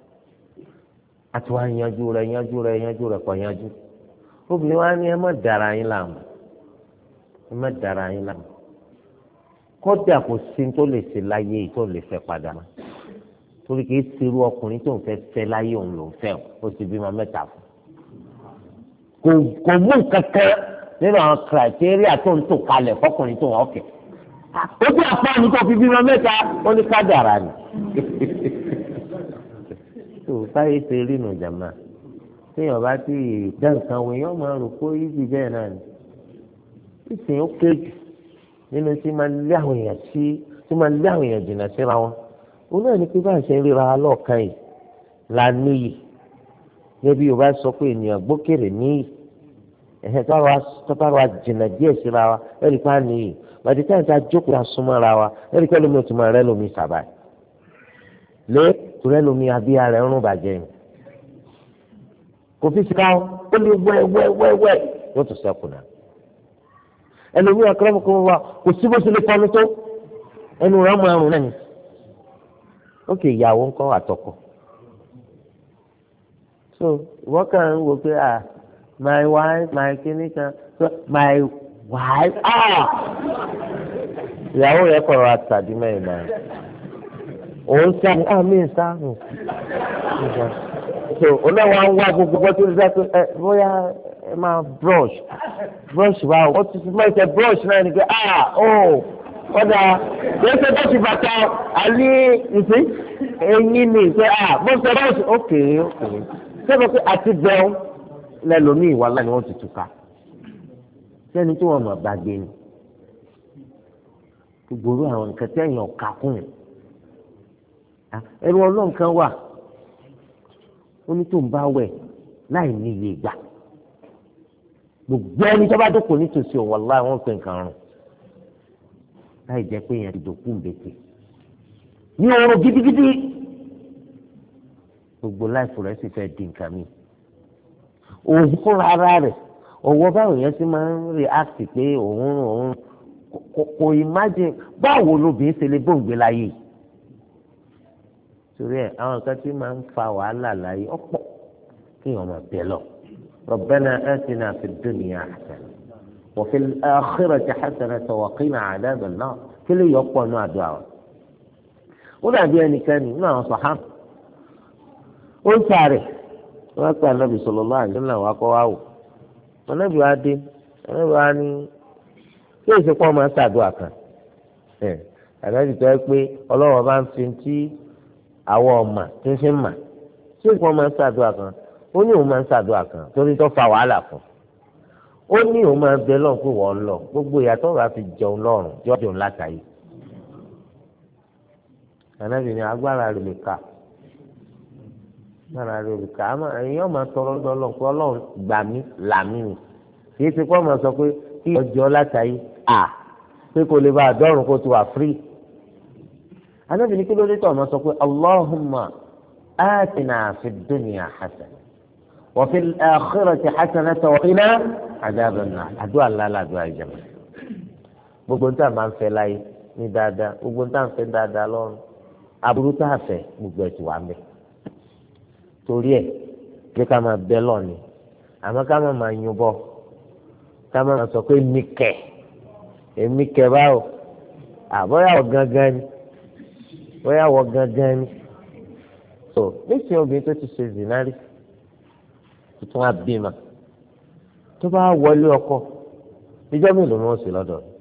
àti wàá yanjú rẹ̀ yanjú rẹ̀ yanjú rẹ̀ kọ̀ yanjú obìnrin wa ní ẹ má dara yín láàmú ẹ má dara yín láàmú kọ́dà kò sí tó lè ṣe láyé yìí tó lè fẹ́ padà mọ́ torí kìí ṣerú ọkùnrin tó ń fẹ́ fẹ́ láyé òun ló ń fẹ́ o ti bímọ mẹ́ta fún kò kò mú nǹkan nínú àwọn kìrìtẹ́rì àtúntò kalẹ̀ fọkùnrin tó wọ́n kẹ̀ ó bí àfáàní tó fi bímọ mẹ́ta ó ní kádàrá ni. tó báyìí ṣe rí nu jàmá téèyàn bá ti dá nǹkan wọ èèyàn máa rò pé ibi bẹ́ẹ̀ náà ni ìsìn ó ké jù nínú tí máa lé àwọn èèyàn sí tí máa lé àwọn èèyàn jìnnà síra wọn òun náà ni pé bá a ṣe ń ríra lọ́ọ̀kan yìí la níyì gẹ́gẹ́ bí Yorùbá sọ pé ènìyàn gbókèrè níyì ẹ̀hẹ́ tọ́ba wa jìnnà díẹ̀ síra wa ẹ̀rí pa nìyí bàtí táyà tá a jókòó la súnmọ́ wa ẹ̀rí pẹ́ lómi òtún máa rẹ́ lómi sàbà lé turẹ́ lómi abíyá rẹ̀ ń rún bàjẹ́ yìí kò fi síra ó lè wẹ́wẹ́wẹ́wẹ́ yóò tún sẹ́kù náà ẹlòmí akọrọmọ kọ wa kò sí bó tilẹ̀ pọnú tó ẹnu rẹ mọ àrùn náà ni ó kè ìyàwó ńkọ́ àtọkọ so ìwọ kàn wò pé à my wife my kìíní my wife ah ìyàwó rẹ kọ̀rọ̀ àtàdé mẹ́rin náà òun sá ní ah, àmì ìsáhùn so onáwó ń wá gbogbo bó ti ń sẹ́kù ẹ eh, bóyá ẹ máa brush brush wa ó ti fi mọ́ brush náà ni pé ah oh kọ́dà kò ṣe bó ti bàtà àlí ìsín ẹ̀yìn ni pé ah mo ṣe brush ok ok ṣé mo pé àti bẹ́ẹ̀ lẹ́lòmíì wà láì ni wọ́n ti túká sẹ́ni tí wọ́n mọ̀ bá ni gbogbo àwọn nǹkan tẹ̀yìn ọ̀ka kùn ẹ̀rù ọlọ́run kan wà ó ní tó ń bá wẹ̀ láì ní iye gbà gbogbo ẹni tó bá dókòó nítòsí òwò aláì wọ́n pè nǹkan rùn láì jẹ́ pé èèyàn ti dòkú mbètè ní ọrọ̀ gidigidi gbogbo láìpù rẹ̀ sì fẹ́ di nǹkan mìíràn òun fúnra ara rẹ̀ ọ̀wọ́ báwo yẹn ti máa ń react pé òun òun kò imagine báwo lobìnrin ṣe lè bóńgbé láyé yìí torí ẹ àwọn kan tí máa ń fa wàhálà láyé ọ̀pọ̀ kí wọn máa bẹ lọ ربنا آتنا في الدنيا حسنة وفي الآخرة حسنة وقنا عذاب النار كل يقوى ما دعوة ولا بيان كان ما صحاب ó ń sáré wọ́n pe anabi sọ̀rọ̀ lọ́wọ́ àdúrà wa kọ́ wa wò anabi wa dé anabi wa ní kí èsì pọ́ máa ṣàdúrà kan anabi tó yẹ pé ọlọ́wọ́ bá ń fi ti àwọ̀ ọ̀mà tí ń fi mà kí èsì pọ́ máa ṣàdúrà kan ó ní òun máa ń ṣàdúrà kan torí tó fa wàhálà fún ó ní òun máa bẹ lọ́n pé wọ́n lọ gbogbo ìyàtọ̀ bá fi jẹun lọ́rùn jọ́jọ́ látàyè anabi ní agbára rẹ̀ lè kà lára rẹ olùkọ́ àmọ́ ẹ̀yin ọmọ tọrọ lọ́lọ́ pé ọlọ́run gbà mí là mí nì kìí ṣe pọ́ máa sọ pé kí ọjọ́ látàyè à pé kò lè bá àdọ́rùn kó ti wà fírí. anábìnrin kí ló dé tọ̀ máa sọ pé allahumma atina fi dunya hasana wa fil akhirati hasanatan wa qina adhaban nar àdúrà lálẹ́ àdúrà ìjàmbá gbogbo níta máa ń fẹ́ láyé ní dáadáa gbogbo níta ń fẹ́ dáadáa lọ́rùn aburú tá fẹ́ gbogbo ẹ̀ ti wà mẹ́ẹ̀. torí e! pé ká máa bẹ lọ́ọ̀ni àmọ́ ká máa máa yún bọ́ ká máa sọ pé mi kẹ̀ èmi kẹ̀ báwo àbọ̀yàwó gangan ni bọ́yàwó gangan ni so nísìnyí obìnrin tó ti ṣe zinari tuntun á tó bá wọlé ọkọ ìjọ mélòó ni wọ́n sì lọ́dọ̀ rẹ̀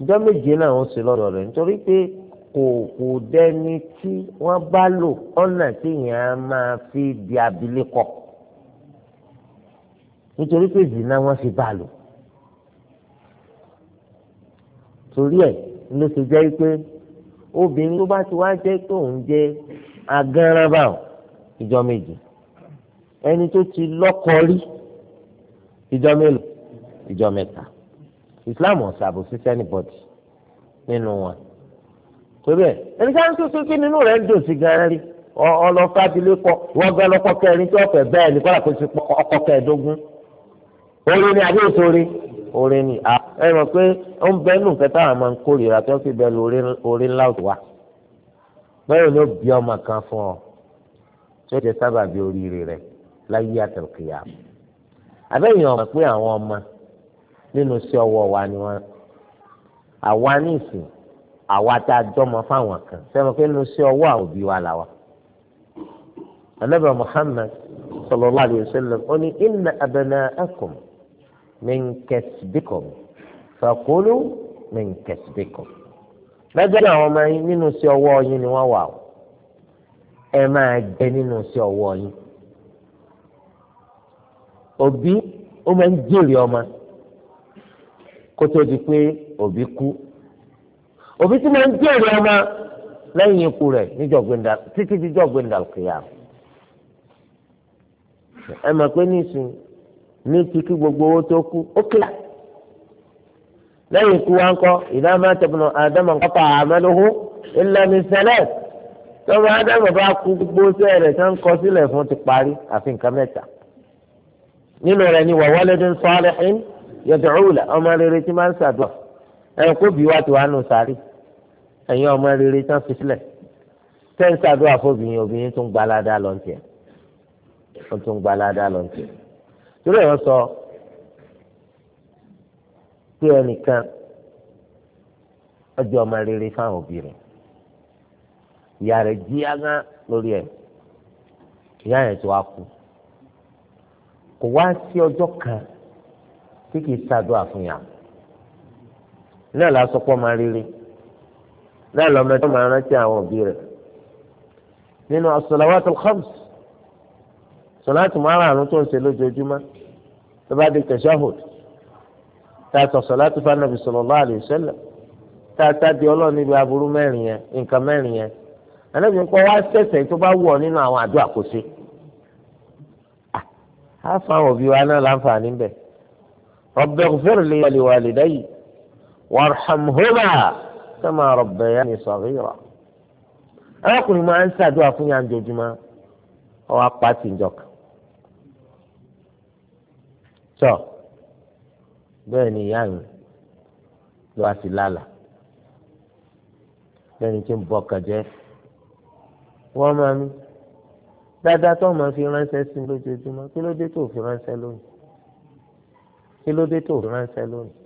ìjọ méje náà wọ́n sì lọ́dọ̀ rẹ̀ nítorí pé. kò kò dẹni tí wọ́n bá lò ọ̀nà tí yẹn máa fi di abilékọ nítorí pé zina wọ́n fi bá lò torí ẹ̀ ló ṣe jẹ́ pé obìnrin tó bá ti wá jẹ́ pé òun jẹ́ agánrábà ìjọ méjì ẹni tó ti lọ́kọ rí ìjọ mélòó ìjọ mẹ́ta Islam ọ̀sàbò sí sẹ́nìbọ̀dì nínú wọn torí ẹ ẹni sáà ń sọsọ kí nínú rẹ ń dùn sí gan rí ọlọpàá abilé kọ wọn gbẹ lọkọ kẹrin tí ọfẹ bẹ́ẹ̀ ní kọlá kò sí ọkọ kẹẹ̀dógún orin ni àbí òṣèré orin ni ẹ mọ̀ pé ó ń bẹ́ẹ̀ nù kẹta àwọn máa ń kórìíra tó ń fi bẹ́ẹ̀ lu orin ńlá òtún wa bẹ́ẹ̀ ló bí ọmọ kan fún ọ tí ó jẹ sábà bí oríire rẹ láyé àtẹ̀kìyà abẹ́yìn ọmọ pé àwọn ọmọ nínú sí ọwọ́ wa ni wọ́n àwa ní ìsìn àwa tá a jọmọ fáwọn kan sẹ́mi pé nu sí ọwọ́ àwọn òbí wa làwà. anábẹ́ Muhammad sallallahu alayhi wa sallam ó ní inna abna'akum min kasbikum fakulu min kasbikum. lẹ́gbẹ̀rún àwọn ọmọ yín nínú sí ọwọ́ yín ni wọ́n wà o ẹ máa jẹ nínú sí ọwọ́ yín. òbí ó máa ń jèrè ọmọ kó tó di pé òbí kú òbí tí máa ń jèrè ọmọ lẹ́yìn ikú rẹ̀ níjọ̀gbìndà títí díjọ̀gbìndà kìyà ẹ mọ̀ pé nísìn ní kíkí gbogbo owó tó kú ó kíyà lẹ́yìn ikú wa ń kọ́ ìdá máa tẹ̀bùnà àdámà ń kọ́pà àmẹ́lógún ìlànà ìṣẹ̀lẹ̀ tọ́wọ́ àdámà bá kú gbogbo sẹ́ẹ̀rẹ̀ tó ń kọ sílẹ̀ fún ti parí àfi nǹkan mẹ́ta nínú rẹ̀ ni wàwálẹ́dún sọ́ọ́lẹ́hìn yẹ̀dùrúlẹ̀ ọmọ rere tí máa ń ṣàdúrà ẹ̀yin kó bí wá ti wá nù sáré ẹ̀yin ọmọ rere tán fi sílẹ̀ tẹ́ǹsì àdúrà fóbìnrin obìnrin tún gbalada lọ́ntìẹ̀ ó tún gbalada lọ́ntìẹ̀ torí ẹ̀rọ sọ pé ẹnìkan ọjọ́ ọmọ rere fáwọn òbí rẹ̀ ìyá rẹ̀ jí ágá lórí ẹ̀ ìyá yẹn tó wá kú kò wá sí ọjọ́ kan tí kìí ṣàdúrà fún yàrá náà lásọpọ̀ máa rere náà lọ́mọdé máa rántí àwọn òbí rẹ̀ nínú as-salawatul khams sọláàtì márùn-ún tó ń ṣe lójoojúmọ́ tó bá di tashahhud tá a sọ sọláàtì fanabi sallallahu alaihi wasallam tá a tá di ọlọ́run níbi aburú mẹ́rin yẹn nǹkan mẹ́rin yẹn ànábì ń kọ́ wá sẹ̀sẹ̀ tó bá wù nínú àwọn àdúrà kò sí. àfa òbí wa náà láǹfààní bẹ̀ rabbighfir li wa liwalidayya warhamhuma كما ربياني saghira. أقول ما أنسى ṣàdúrà fún yàn jojúmọ́ ọwọ́ apáti ìjọka. tọ́ bẹ́ẹ̀ ni ìyá yìí ló wá sí lálà lẹ́ni tí ń bọ kàjẹ́ wọ́n máa ń dáadáa tó máa fi ránṣẹ́ sí lójoojúmọ́ kí ló dé tó fi ránṣẹ́ lónìí kí ló dé tó fi ránṣẹ́ lónìí.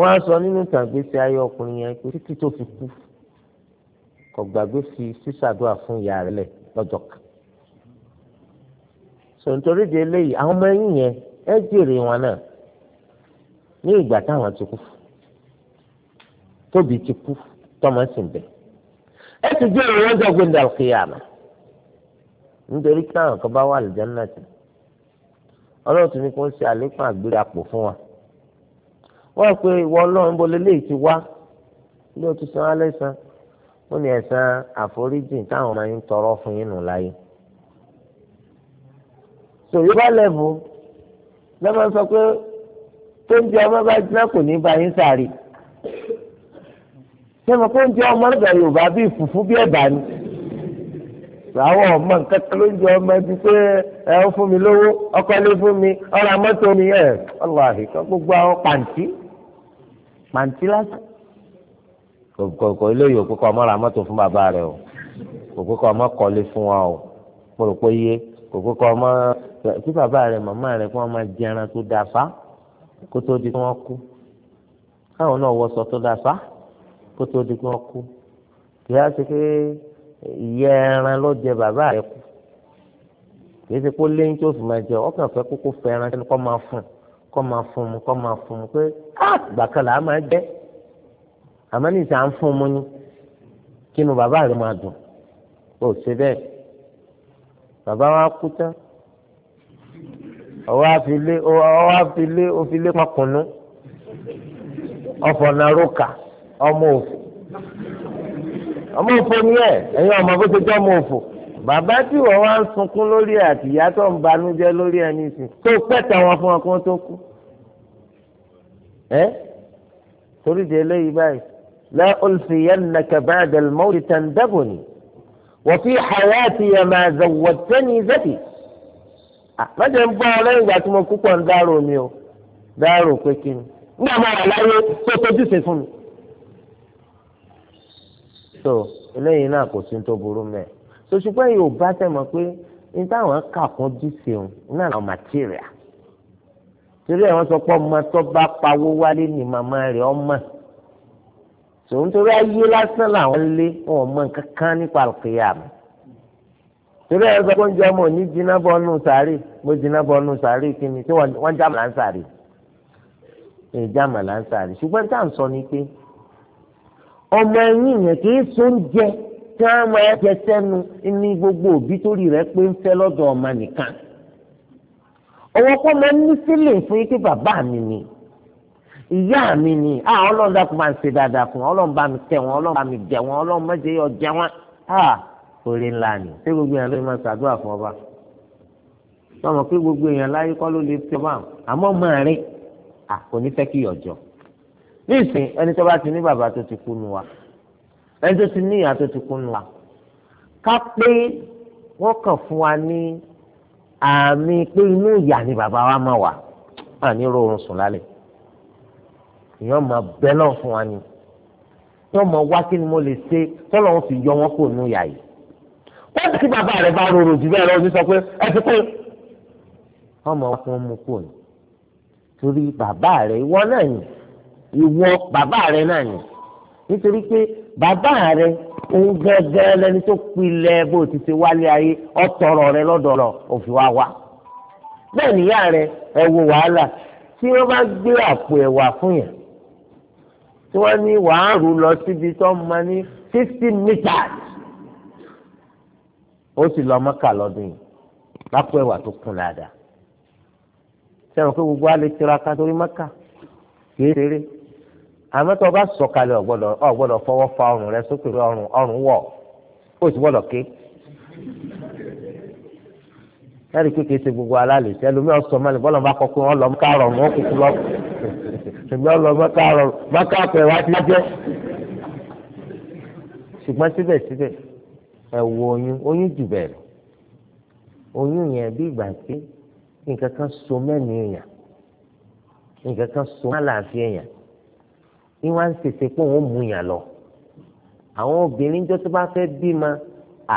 wọ́n á sọ nínú tàgbésí ayé ọkùnrin yẹn pé títí tó fi kú kò fi sísàdúrà fún ìyá rẹ̀ lẹ̀ lọ́jọ́ kan sọ̀ntorí de eléyìí àwọn ọmọ yẹn ẹ jèrè wọn náà ní ìgbà táwọn ti kú tóbi ti kú tọmọ sì ń bẹ ẹ ti jèrè wọn wà ọlọ́run wọ́n pe ìwọ ọlọ́run bó lélẹ́yìí ti wá ilé o ti san alẹ́ san ó ní ẹ̀san àforíjì táwọn máa ń tọrọ fún yín nù láyé. sọ yóò bá lẹ́bù lọ́mọ sọ pé tó ń jẹ ọmọ bá jiná kò ní bá yín sàárì sẹ́mi kó ń jẹ ọmọ nígbà yorùbá bíi fùfú bí ẹ̀bà ni àwọn ọmọ nǹkan kan ló ń jẹ ọmọ ẹbí pé ẹ ń fún mi lówó ọkọ ló fún mi ọ̀rọ̀ àmọ́tò mi ẹ̀ ọlọ́àdìkan gbogbo àwọn pàǹtí pàǹtí lásán kòkòkò eléyìí òkúkọ ọmọ ra mọ́tò fún bàbá rẹ o kòkòkò ọmọ kọ́lé fún wa o mo rò pé yé kòkòkò ọmọ kí bàbá rẹ màmá rẹ kí wọ́n máa jẹ ẹran tó dáa fa kó tó di kí wọ́n kú káwọn náà wọṣọ tó dáa fa kó tó di kí wọ́n kú kì í á ṣe pé ìyá ẹran ló jẹ bàbá rẹ kú kì í ṣe pé léyìn tó fi máa jẹ ọkàn fẹ́ kókó fẹ́ ẹran kí wọ́n máa fún un kọ́ máa fún mu kọ́ máa fún mu pé ah, ìgbà kan là á máa jẹ́ àmọ́ ní ìta ń fún mu ni kí inú bàbá rẹ̀ máa dùn ó ṣe bẹ́ẹ̀ bàbá wa kú tán ọwọ́ àfilé ọwọ́ àfilé òfilé pàkùnú ọ̀fọ̀ nàrókà ọmọ òfò ọmọ òfò ni ẹ ẹ̀yin ọmọ bó ṣe jẹ́ ọmọ òfò bàbá tí wọ́n wá ń sunkún lórí àti ìyá tó ń banújẹ́ lórí ẹni sìn tó pẹ̀tẹ̀ wọn fún ọkàn tó kú ẹ́ torí di eléyìí báyìí la ulfiyannaka ba'da al-mawti tandabuni wa fi hayatiya ma zawwajtani zati lọ́jọ́ ń bọ́ ọ lẹ́yìn ìgbà tí mo kú pọ̀ ń dárò mi o dárò pé kí ni nígbà máa láyé tó tójú ṣe fún mi. so eléyìí náà kò sí ní tó burú mẹ́ẹ̀ sọ̀sùpẹ́ yóò bá tẹ̀ mọ̀ pé ní táwọn kà fún jíṣe òun náà làwọn màtíríà torí ẹ̀ wọ́n sọ pé ọmọ tó bá pawó wálé ni màmá rẹ̀ ọmọ tòun torí ayé lásán làwọn lé wọn mọ nǹkan kan nípa àlùkìyàmù torí ẹ̀ sọ pé oúnjẹ ọmọ òní jiná bọ́ nù sàárè mo jiná bọ́ nù sàárè kí ni tí wọ́n já màlá ń sàárè ẹ̀ já màlá ń sàárè ṣùgbọ́n táà ń sọ ni pé ọmọ ẹ̀yìn yẹn kì í sóúnjẹ tí wọ́n máa jẹ sẹ́nu ní gbogbo òbí torí rẹ̀ pé ń fẹ́ lọ́dọ̀ ọmọ nìkan ọwọ́ kọ́ máa ní sílẹ̀ fún yín pé bàbá mi ni ìyá mi ni a ọlọ́run dákun máa ń ṣe dáadáa fún wọn ọlọ́run bá mi tẹ wọn ọlọ́run bá mi jẹ wọn ọlọ́run má jẹ́ jẹ wọn a orí ńlá ni ṣé gbogbo èèyàn ló máa ṣàdúrà fún ọba sọmọ pé gbogbo èèyàn láyé kọ́ ló lè fi ọba àmọ́ máa rí à kò ní fẹ́ kí yọjọ ní ìsìn ẹni tó bá ti ní bàbá tó ti kú nu wa ẹni tó ti ní ìyá tó ti kúnnu wa ká pé wọ́n kàn fún wa ní àmì pé inú ìyá ni bàbá wa máa wà á ní rọrùn sùn lálẹ́ èèyàn máa bẹ́ lọ́n fún wa ni yóò máa wá kí ni mo lè ṣe tọ́lọ́ wọn fi yọ wọn kó nù ìyá yìí wọ́n ti bàbá rẹ̀ bá rorò jù bẹ́ẹ̀ lọ ní sọ pé ẹ ti pín ọmọ wa fún mu kò ní torí bàbá rẹ̀ ìwọ náà ni ìwọ bàbá rẹ̀ náà ni nítorí pé bàbá rẹ òun gẹ́gẹ́ lẹni tó pilẹ̀ bó ti ti wálé ayé ọ̀tọ̀rọ̀ rẹ lọ́dọ̀ rọ òfin wa wá bẹ́ẹ̀ níyà rẹ ẹ wo wàhálà tí wọ́n bá gbé àpò ẹ̀wà fún yàn tí wọ́n ní wàá lọ síbi tó ma ní fifty meters ó sì lọ mọ́kà lọ́dún yìí lápò ẹ̀wà tó kún dáadáa sẹ́wọ̀n pé gbogbo alẹ́ tiraka torí mọ́kà kì í ṣeré àmọ́ tó o bá sọ̀kalẹ̀ ọ̀gbọ́dọ̀ ọ̀gbọ́dọ̀ fọwọ́ fa ọrùn rẹ sókè ọrùn ọrùn wọ̀ ó sì gbọ́dọ̀ ké lẹ́yìn pé kìí ṣe gbogbo alálẹ̀ ṣe ẹlòmíì ọ̀sọ̀ mọ́lẹ̀ bọ́lá bá kọ́ pé wọ́n lọ mọ́ káàrọ̀ wọ́n kúkú lọ ṣùgbọ́n lọ mọ́ káàrọ̀ mọ́ káàpẹ̀ wá ti jẹ́ ṣùgbọ́n síbẹ̀síbẹ̀ ẹ wo oyún oyún jù bẹ́ẹ̀ lọ oyún yẹn bí ìgbà pé nǹkan kan so mẹ́rin èèyàn nǹkan kan so mọ́ àlàáfíà èèyàn ní wọ́n á ń ṣèṣe pé òun mú yàn lọ àwọn obìnrin jọ tó bá fẹ́ bímọ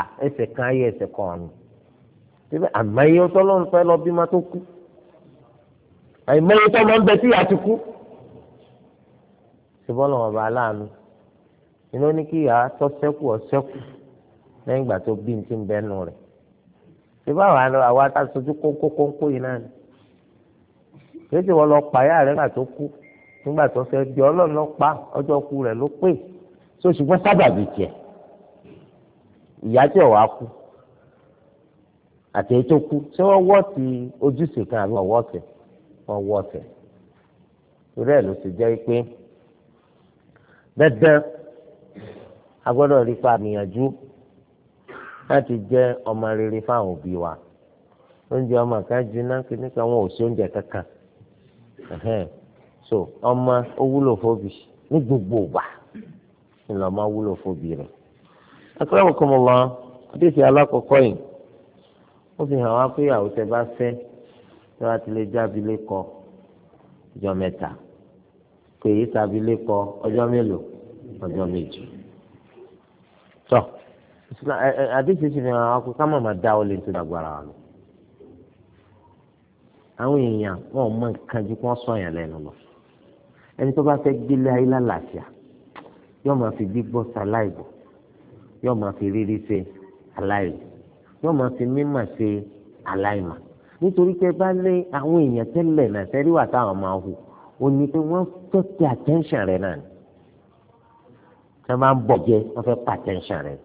à ẹsẹ̀ kan ayé ẹsẹ̀ kan ọ̀nù síbẹ̀ àmọ́yé ọtọ́lọ́run fẹ́ lọ bímọ tó kú àìmọ́yé ọtọ́lọ́run bẹ tí ìyá ti kú ṣùgbọ́n lọ́wọ́ bá aláàánú inú ní kí ìyá tọ́ sẹ́kù ọ̀sẹ́kù lẹ́yìn ìgbà tó bí ní ti ń bẹ́nu rẹ̀ ṣùgbọ́n àwọn àwọn ataṣojú kókó kókó yìí náà ni kí ti wọ́n lọ pààyà rẹ̀ nígbà tó kú nígbà tó fẹ́ bí ọlọ́run ló pa ọjọ́ ku rẹ̀ ló pè so ṣùgbọ́n sábàbí tiẹ̀ ìyá tí ọ̀ wá kú àti èyí tó kú ṣé wọ́n wọ́ ti ojúṣe kan àbí wọ́n wọ́ tẹ̀ wọ́n wọ́ tẹ̀ torí ẹ̀ ló ti jẹ́ pé dandan a gbọ́dọ̀ rí pa gbìyànjú láti jẹ́ ọmọ rere fáwọn òbí wa oúnjẹ ọmọ kan jiná kí nìkan wọn ò sí oúnjẹ kankan so ọmọ ó wúlò fóbi ní gbogbo ìgbà ńlọ ọmọ wúlò fóbi rẹ̀ akramakumullah àdéhìí alákọ̀ọ́kọ́ yìí ó fi hàn wá pé ìyàwó tẹ bá fẹ́ tí wàá ti lè jẹ́ abilékọ ọjọ́ mẹ́ta pé èyí ta abilékọ ọjọ́ mélòó ọjọ́ méjì tọ́ àdéhìí ti fi hàn wá pé ká má máa dá ọ lè tó dàgbára wa lọ àwọn èèyàn wọn ò mọ nǹkan ju kí wọ́n sọ yẹn lẹ́nu lọ ẹni tó bá fẹ́ gbélé ayé lálàáfíà yóò máa fi gbígbọ́ ṣaláìbò yóò máa fi rírí ṣe aláìrí yóò máa fi mímọ̀ ṣe aláìmọ̀ nítorí pé bá lé àwọn èèyàn tẹ́lẹ̀ náà sẹ́rí wà táwọn máa hù ó ní pé wọ́n fẹ́ pé attention rẹ̀ náà ni tẹ́ máa ń bọ̀ jẹ́ wọ́n fẹ́ pé attention rẹ̀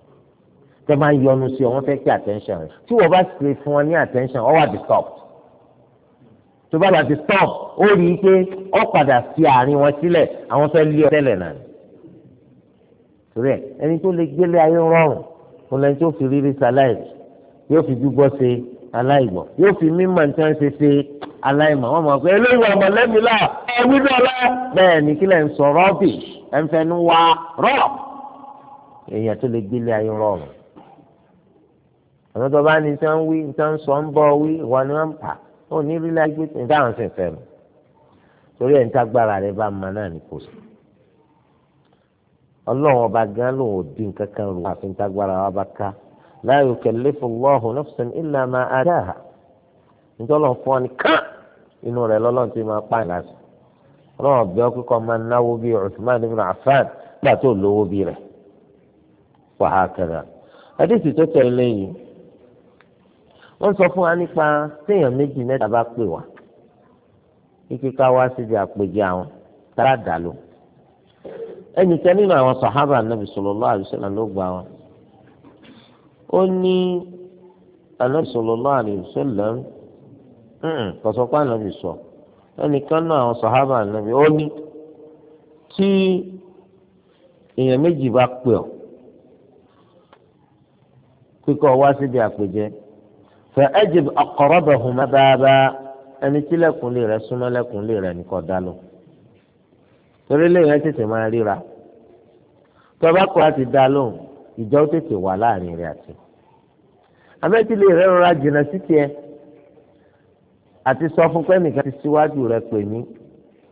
tẹ́ máa ń yọnu sí ọ wọ́n fẹ́ pé attention rẹ̀ tí wọ́n bá ṣe fún wọn ní attention ọ wà disturbed tó bá bàtí stop ó rí i pé ó padà fi àárín wọn sílẹ̀ àwọn fẹ́ lé ọ náà ni torí ẹ ẹni tó lè gbélé ayé rọrùn fún lẹni tó fi rírí sáláìsì yóò fi gbígbọ́ ṣe aláìgbọ́ yóò fi mímọ̀ ní tí wọ́n ṣe ṣe aláìmọ̀ wọ́n mọ̀ pé eléyìí ọmọ lẹ́mi là ẹ̀wí dọ́lá bẹ́ẹ̀ ni kílẹ̀ ń sọ rọ́bì ẹ̀ ń fẹnu wa rọ́ èèyàn tó lè gbélé ayé rọrùn àwọn tó bá ní tí ń wí tí wọ́n ń sọ ń bọ̀ wí ìwà ni wọ́n ń pa ó ní rí láyé gbé tẹ̀ dáhùn sí ìfẹ́ mi torí ẹ̀ ń tágbára rẹ bá ma náà ní kò sí ọlọ́run ọba gan lòun ò dín kankan rò àfi ń tágbára wa bá ká la yukallifu Allahu nafsan ma ataha nítorí fún ọ ká inú rẹ lọ́lọ́run ti máa pààyàn láti ọlọ́run ọbẹ̀ ọkọ̀ máa náwó bíi wọ́n sọ fún wa nípa téèyàn méjì mẹ́ta bá pè wá kíkí ká wá síbi àpèjẹ àwọn tára dà ló ẹnìkan nínú àwọn sàhábà nàbì sallallahu alaihi wasallam ló gbà wọn ó ní ànábì sallallahu alaihi wasallam kọsọpá ànábì sọ ẹnìkan náà àwọn sàhábà nàbì ó ní tí èèyàn méjì bá pè ọ kíkọ wá síbi àpèjẹ fa'ajib aqrabahuma baba ẹni tí lẹ́kùnlé rẹ̀ súnmọ́ lẹ́kùnlé rẹ̀ ní kọ́ dá lọ. torí lẹ́yìn ẹ tètè máa ríra tọ́ba kọ́ láti dá lóhùn ìjọ tètè wà láàrin rẹ̀ àti. abẹ́tílé rẹ̀ rọra jìnnà sí tiẹ̀ àti sọ fún pé ti síwájú rẹ̀ pè mí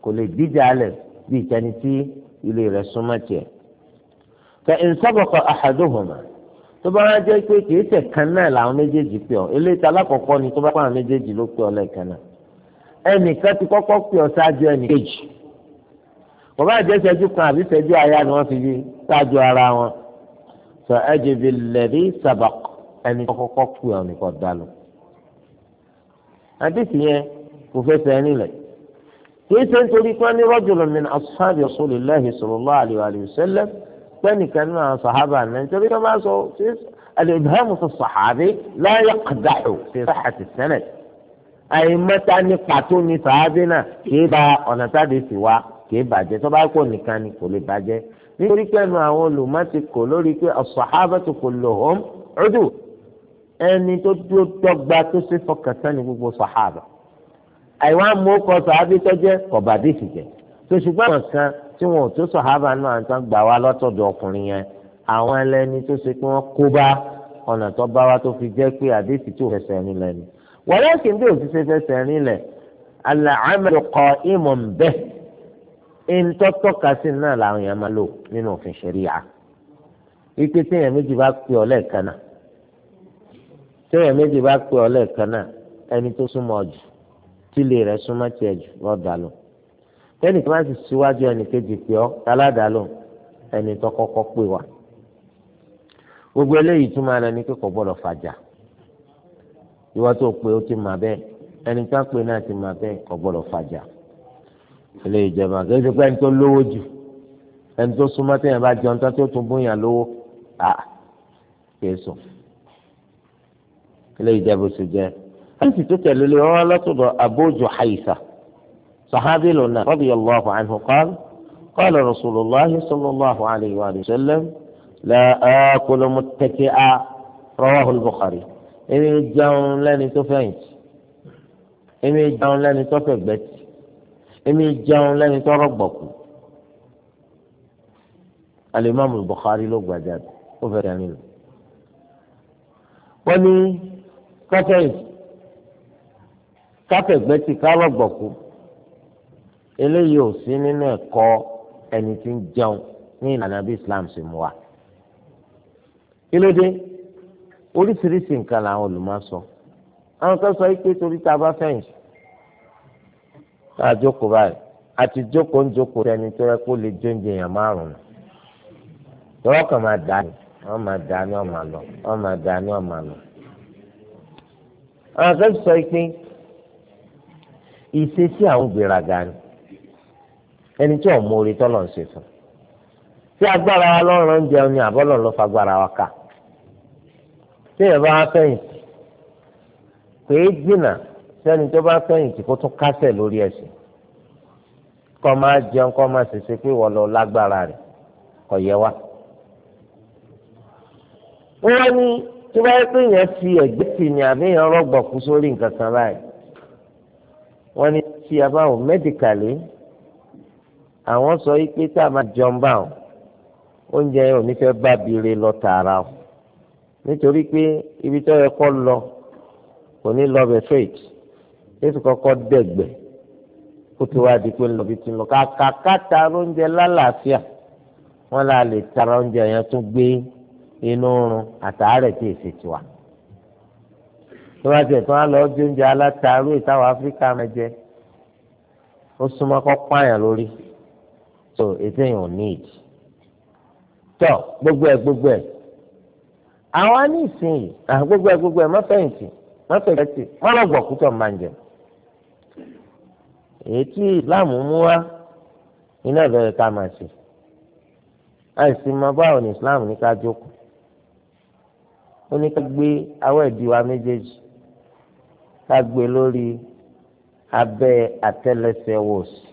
kò lè díjà alẹ̀ bíi ìtẹni tí ilé rẹ̀ súnmọ́ tiẹ̀. fa in sabaqa tó bá wá jẹ́ pé kìí ṣe kan náà làwọn méjèèjì pè ọ́ eléyìí alákọ̀ọ́kọ́ ni tó bá pàwọn méjèèjì ló pè ọ́ lẹ́ẹ̀kan náà ẹnìkan ti kọ́kọ́ pè ọ́ ṣáájú ẹnìkejì kò bá jẹ́ ṣẹ́jú kan àbí ṣẹ́jú aya ni wọ́n fi yí ṣáájú ara wọn sọ ẹ̀jẹ̀ bíi lẹ́rí sabaq ẹni kọ́kọ́ pè ọ́ nìkan dànù. àdìsí yẹn kò fẹsẹ̀ ẹni lẹ̀ kìí ṣe nítorí pé ní rajulun pẹ́nìkan nínú àwọn sàhábà náà nítorí wọn bá sọ al-ibham fi sàhábì la yaqda'u fi sihhati sanad àìmọ́ta ní pàtó ní sàhábì náà kì í ba ọ̀nà táde sì wá kì í bàjẹ́ tó bá kó nìkan ni kò lè bàjẹ́ nítorí pẹ́nu àwọn olùmọ̀ ti kò lórí pé as-sahabatu kulluhum udu ẹni tó dúró dọ́gba tó ṣe fọkàn tán ní gbogbo sàhábà àìwá mú ọkọ̀ sàhábì tó jẹ́ kọ̀bàdì sì jẹ́ tó ṣùgbọ́n àwọn kan tí wọn ò tó sọ̀hábà náà tán gbà wá lọ́tọ̀dọ̀ ọkùnrin yẹn àwọn ẹlẹ́ni tó ṣe pé wọ́n kó bá ọ̀nà tó bá wa tó fi jẹ́ pé àdéhùn tó fẹsẹ̀ rìn lẹ̀ ni. wọ́n yẹ kí n bí òṣìṣẹ́ fẹsẹ̀ rìn lẹ̀ alẹ́ àmẹ́lò kọ ìmọ̀ ń bẹ́ ìńtọ́tọ́ka sí náà làwọn yẹn máa lò nínú òfin ṣẹ̀ríà. ike téèyàn méjì bá pè ọ́ lẹ́ẹ̀kan náà téèyàn méjì bá pè ọ́ lẹ́ẹ̀kan náà ẹni tó súnmọ́ jù tílé rẹ̀ súnmọ́ tiẹ̀ jù lọ́ọ́ dà tẹ́nì kan bá sì síwájú ẹnì kejì pé ọ́ aládàá lò ẹni tó kọ́kọ́ pè wá gbogbo eléyìí tún máa lẹni pé kò gbọdọ̀ fàjà ìwọ tó pé ó ti mà bẹ́ẹ̀ ẹni tó pé náà ti mà bẹ́ẹ̀ kò gbọdọ̀ fàjà eléyìí jẹba kí ló ti pé ẹni tó lówó jù ẹni tó súnmọ́ téèyàn bá jẹun tó tó tún bóyá lówó à kìí sùn eléyìí jẹba oṣù jẹ ẹni tó tẹ̀lé lé wọn lọ́tọ̀dọ̀ صحابي لنا رضي الله عنه قال قال رسول الله صلى الله عليه وآله وسلم لا آكل متكئا رواه البخاري إني جاون لاني تفنت إني جاون لاني تفبت إني جاون لاني تربك الإمام البخاري لو بجد وفرانين وني كفيت كفبت كالبكو eléyìí ò sí nínú ẹ̀kọ́ ẹni tí ń jẹun ní ìlànà bí Islam ṣe mú wa kí ló dé oríṣiríṣi nǹkan làwọn olùmọ̀ sọ àwọn kan sọ pé torí tá a bá fẹ̀yìn tá a jókòó báyìí àti jókòó ń jókòó ẹni tó yẹ kó lè jóúnjẹ èèyàn márùn-ún tọ́wọ́ kan máa dà ní wọ́n máa dà ní ọ̀mà lọ wọ́n máa dà ní ọ̀mà lọ. àwọn kan sọ pé ìṣesí àwọn gbéraga ni ẹni tí ò mórí tọ́lọ̀ ń ṣe fún tí agbára wa lọ́rọ̀ ń jẹun ni àbọ́lọ̀ ló fa agbára wa kà tí ẹ bá fẹ̀yìntì pé jìnnà sẹ́ni tó bá fẹ̀yìntì kó tún kásẹ̀ lórí ẹ̀sìn kọ́ máa jẹun kọ́ máa ṣèṣe pé wọ́n lọ lágbára rẹ̀ kọ̀ yẹ wa. wọ́n ní tí wọ́n pè yẹn fi ẹ̀gbẹ́ sí ni àbí yẹn rọ̀gbọ̀kú sórí nǹkan kan báyìí wọ́n ní tí a bá wò mẹ́díkàlì àwọn sọ yìí pé tá a máa jọun bá wọn oúnjẹ yẹn ò ní fẹ́ bá bire lọ tààrà o nítorí pé ibi tó yẹ kọ́ lọ kò ní lọ bẹ̀ fèèt yéésù kọ́kọ́ dẹ̀gbẹ̀ kó tó wá di pé lọ́bi ti lọ kàkàkà ta oúnjẹ lálàáfíà wọn là lè tara oúnjẹ yẹn tún gbé inú oorun àtàárẹ̀ tí èsì tiwa tó bá tiẹ̀ tó wá lọ oúnjẹ alátaarú ìtawọ̀ áfíríkà máa ó súnmọ́ kọ́ pààyàn lórí so ètò yìí ò ní ìdí tọ gbogbo ẹ gbogbo ẹ àwọn anísìnyìí àwọn gbogbo ẹ gbogbo ẹ má fẹ̀yìntì má fẹ̀yìntì má lọ gbọ̀ kútọ̀ máa ń jẹ èyí tí Islam mú wá iná ìbẹ̀rẹ̀ ká máa ṣe àìsí máa báwọn ní Islam ní ká jókòó ó ní ká gbé awọ ìdí wa méjèèjì ká gbé lórí abẹ́ àtẹlẹsẹ̀ wòsì.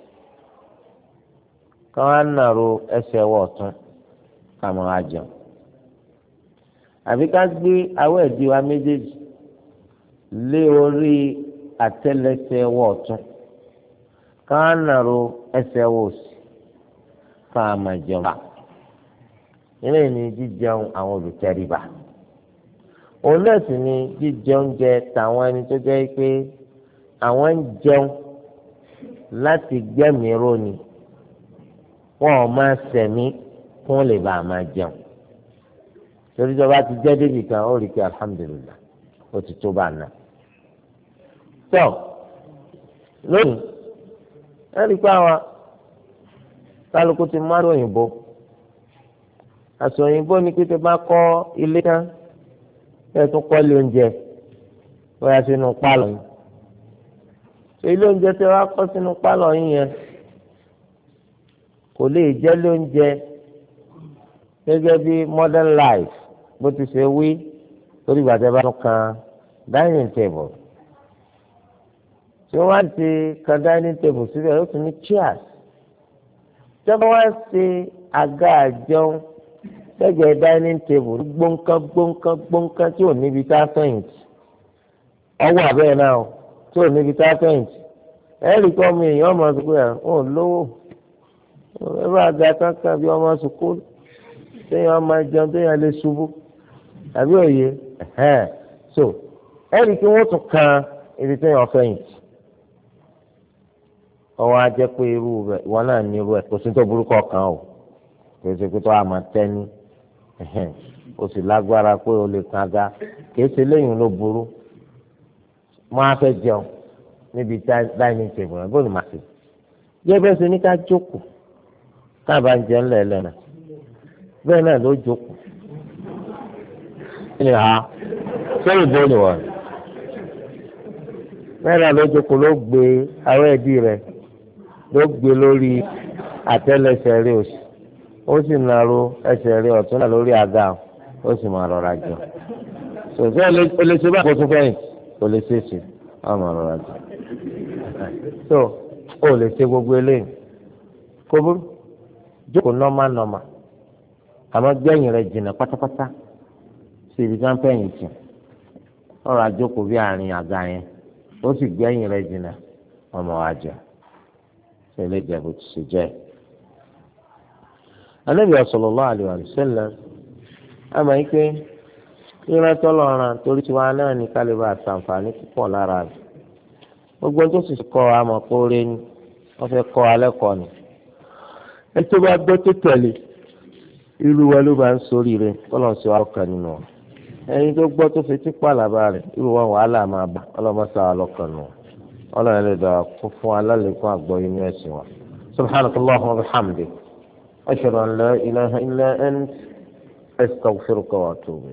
káwọn á nàró ẹsẹ̀ ọwọ́ gbé awọ ẹ̀dí wa méjèèjì lé orí àtẹ́lẹsẹ̀ ọwọ́ ọ̀tún nàró ẹsẹ̀ ọwọ́ òsì káwọn ilé ní jíjẹun àwọn òun náà sì ni jíjẹun jẹ tàwọn ẹni tó jẹ́ pé àwọn ń jẹun láti wọn máa sẹ̀mí kí lè bá a máa jẹun torí tó bá ti jẹ́ débi kan ó rí i pé alhamdulilah ó ti tó bá a ná. tó lónìí ẹ rí i pé àwọn kálukú ti márùn òyìnbó àṣọ òyìnbó ni pé tó bá kọ́ ilé tán bẹ́ẹ̀ tó kọ́ ilé oúnjẹ bóyá sínú pálọ̀ yìí. ilé oúnjẹ tó wá kọ́ sínú pálọ̀ yìí yẹn kò lè jẹ́ lóúnjẹ gẹ́gẹ́ bí modern life bó ti ṣe wí lórí ìgbàdé bá tún kan dining table tí wọ́n wá ti kan dining table síbẹ̀ ó tún ní chairs tí wọ́n wá ṣe àga àjọun sẹ́gbẹ̀ẹ́ dining table gbóǹkan gbóǹkan gbóǹkan tí ò níbi tá a fẹ̀yìntì ọwọ́ àbẹ́ẹ̀ náà tí ò níbi tá a fẹ̀yìntì ẹ̀ẹ́dì kan mi èèyàn mọ̀ ọ́ sọ pé ẹ̀ ń lówó ẹrú àga kankan bí ọmọ sùkúl téèyàn máa jẹun téèyàn lè ṣubú àbí òye so ẹ̀rí kí wọ́n tún kan ibi téèyàn fẹ̀yìntì ọwọ́ ajẹ́ pé irú rẹ̀ ìwọ náà ní irú ẹ̀ kò sí tó burúkọ kan o kò sí pé tó a máa tẹ́ni o sì lágbára pé o lè kan aga kìí ṣe léyìn ló burú máa fẹ́ jẹun níbi dining table rẹ̀ bó ni màá ṣe jẹ́ bẹ́ẹ̀ ṣe ní ká jókòó táà ń jẹ ńlẹ̀ lẹ́nà bẹ́ẹ̀ náà ló jókòó ní ha sọ́rọ̀ bó ni wọ́n bẹ́ẹ̀ náà ló jókòó ló gbé àwọn ẹ̀dí rẹ̀ ló gbé lórí àtẹ́lẹsẹ̀ rẹ̀ òsì ó sì nàró ẹsẹ̀ rẹ̀ ọ̀tún náà lórí àga ó sì máa rọra jọ sọ̀tẹ́ ẹ lè ṣe báyìí kó tún fẹ́yìn máa rọra jọ so ó gbogbo eléyìí kó burú. joko nọ́mà nọ́mà àmọ́ gbẹ̀yìn rẹ̀ jìnnà pátápátá sí ibi tí wọ́n fẹ̀yìn tì bi àjókòó bí àárín o si ọmọ wa si ṣe lè jẹ bó ti ṣe jẹ. Ànábì wa sallam àmọ́ yìí pé ìran torí náà ní kálíbà àtàǹfààní lára gbogbo tó ni. ẹni tó bá gbọ́ tó tẹ̀lé irú wa ló bá ń sórí rẹ kọ́lọ̀ ń ọkàn nínú ẹni tó gbọ́ tó fetí pàlàbà rẹ irú wa wàhálà máa bà ọlọ́mọ sáà lọ́kàn nù ọlọ́run lè dọ̀ kó fún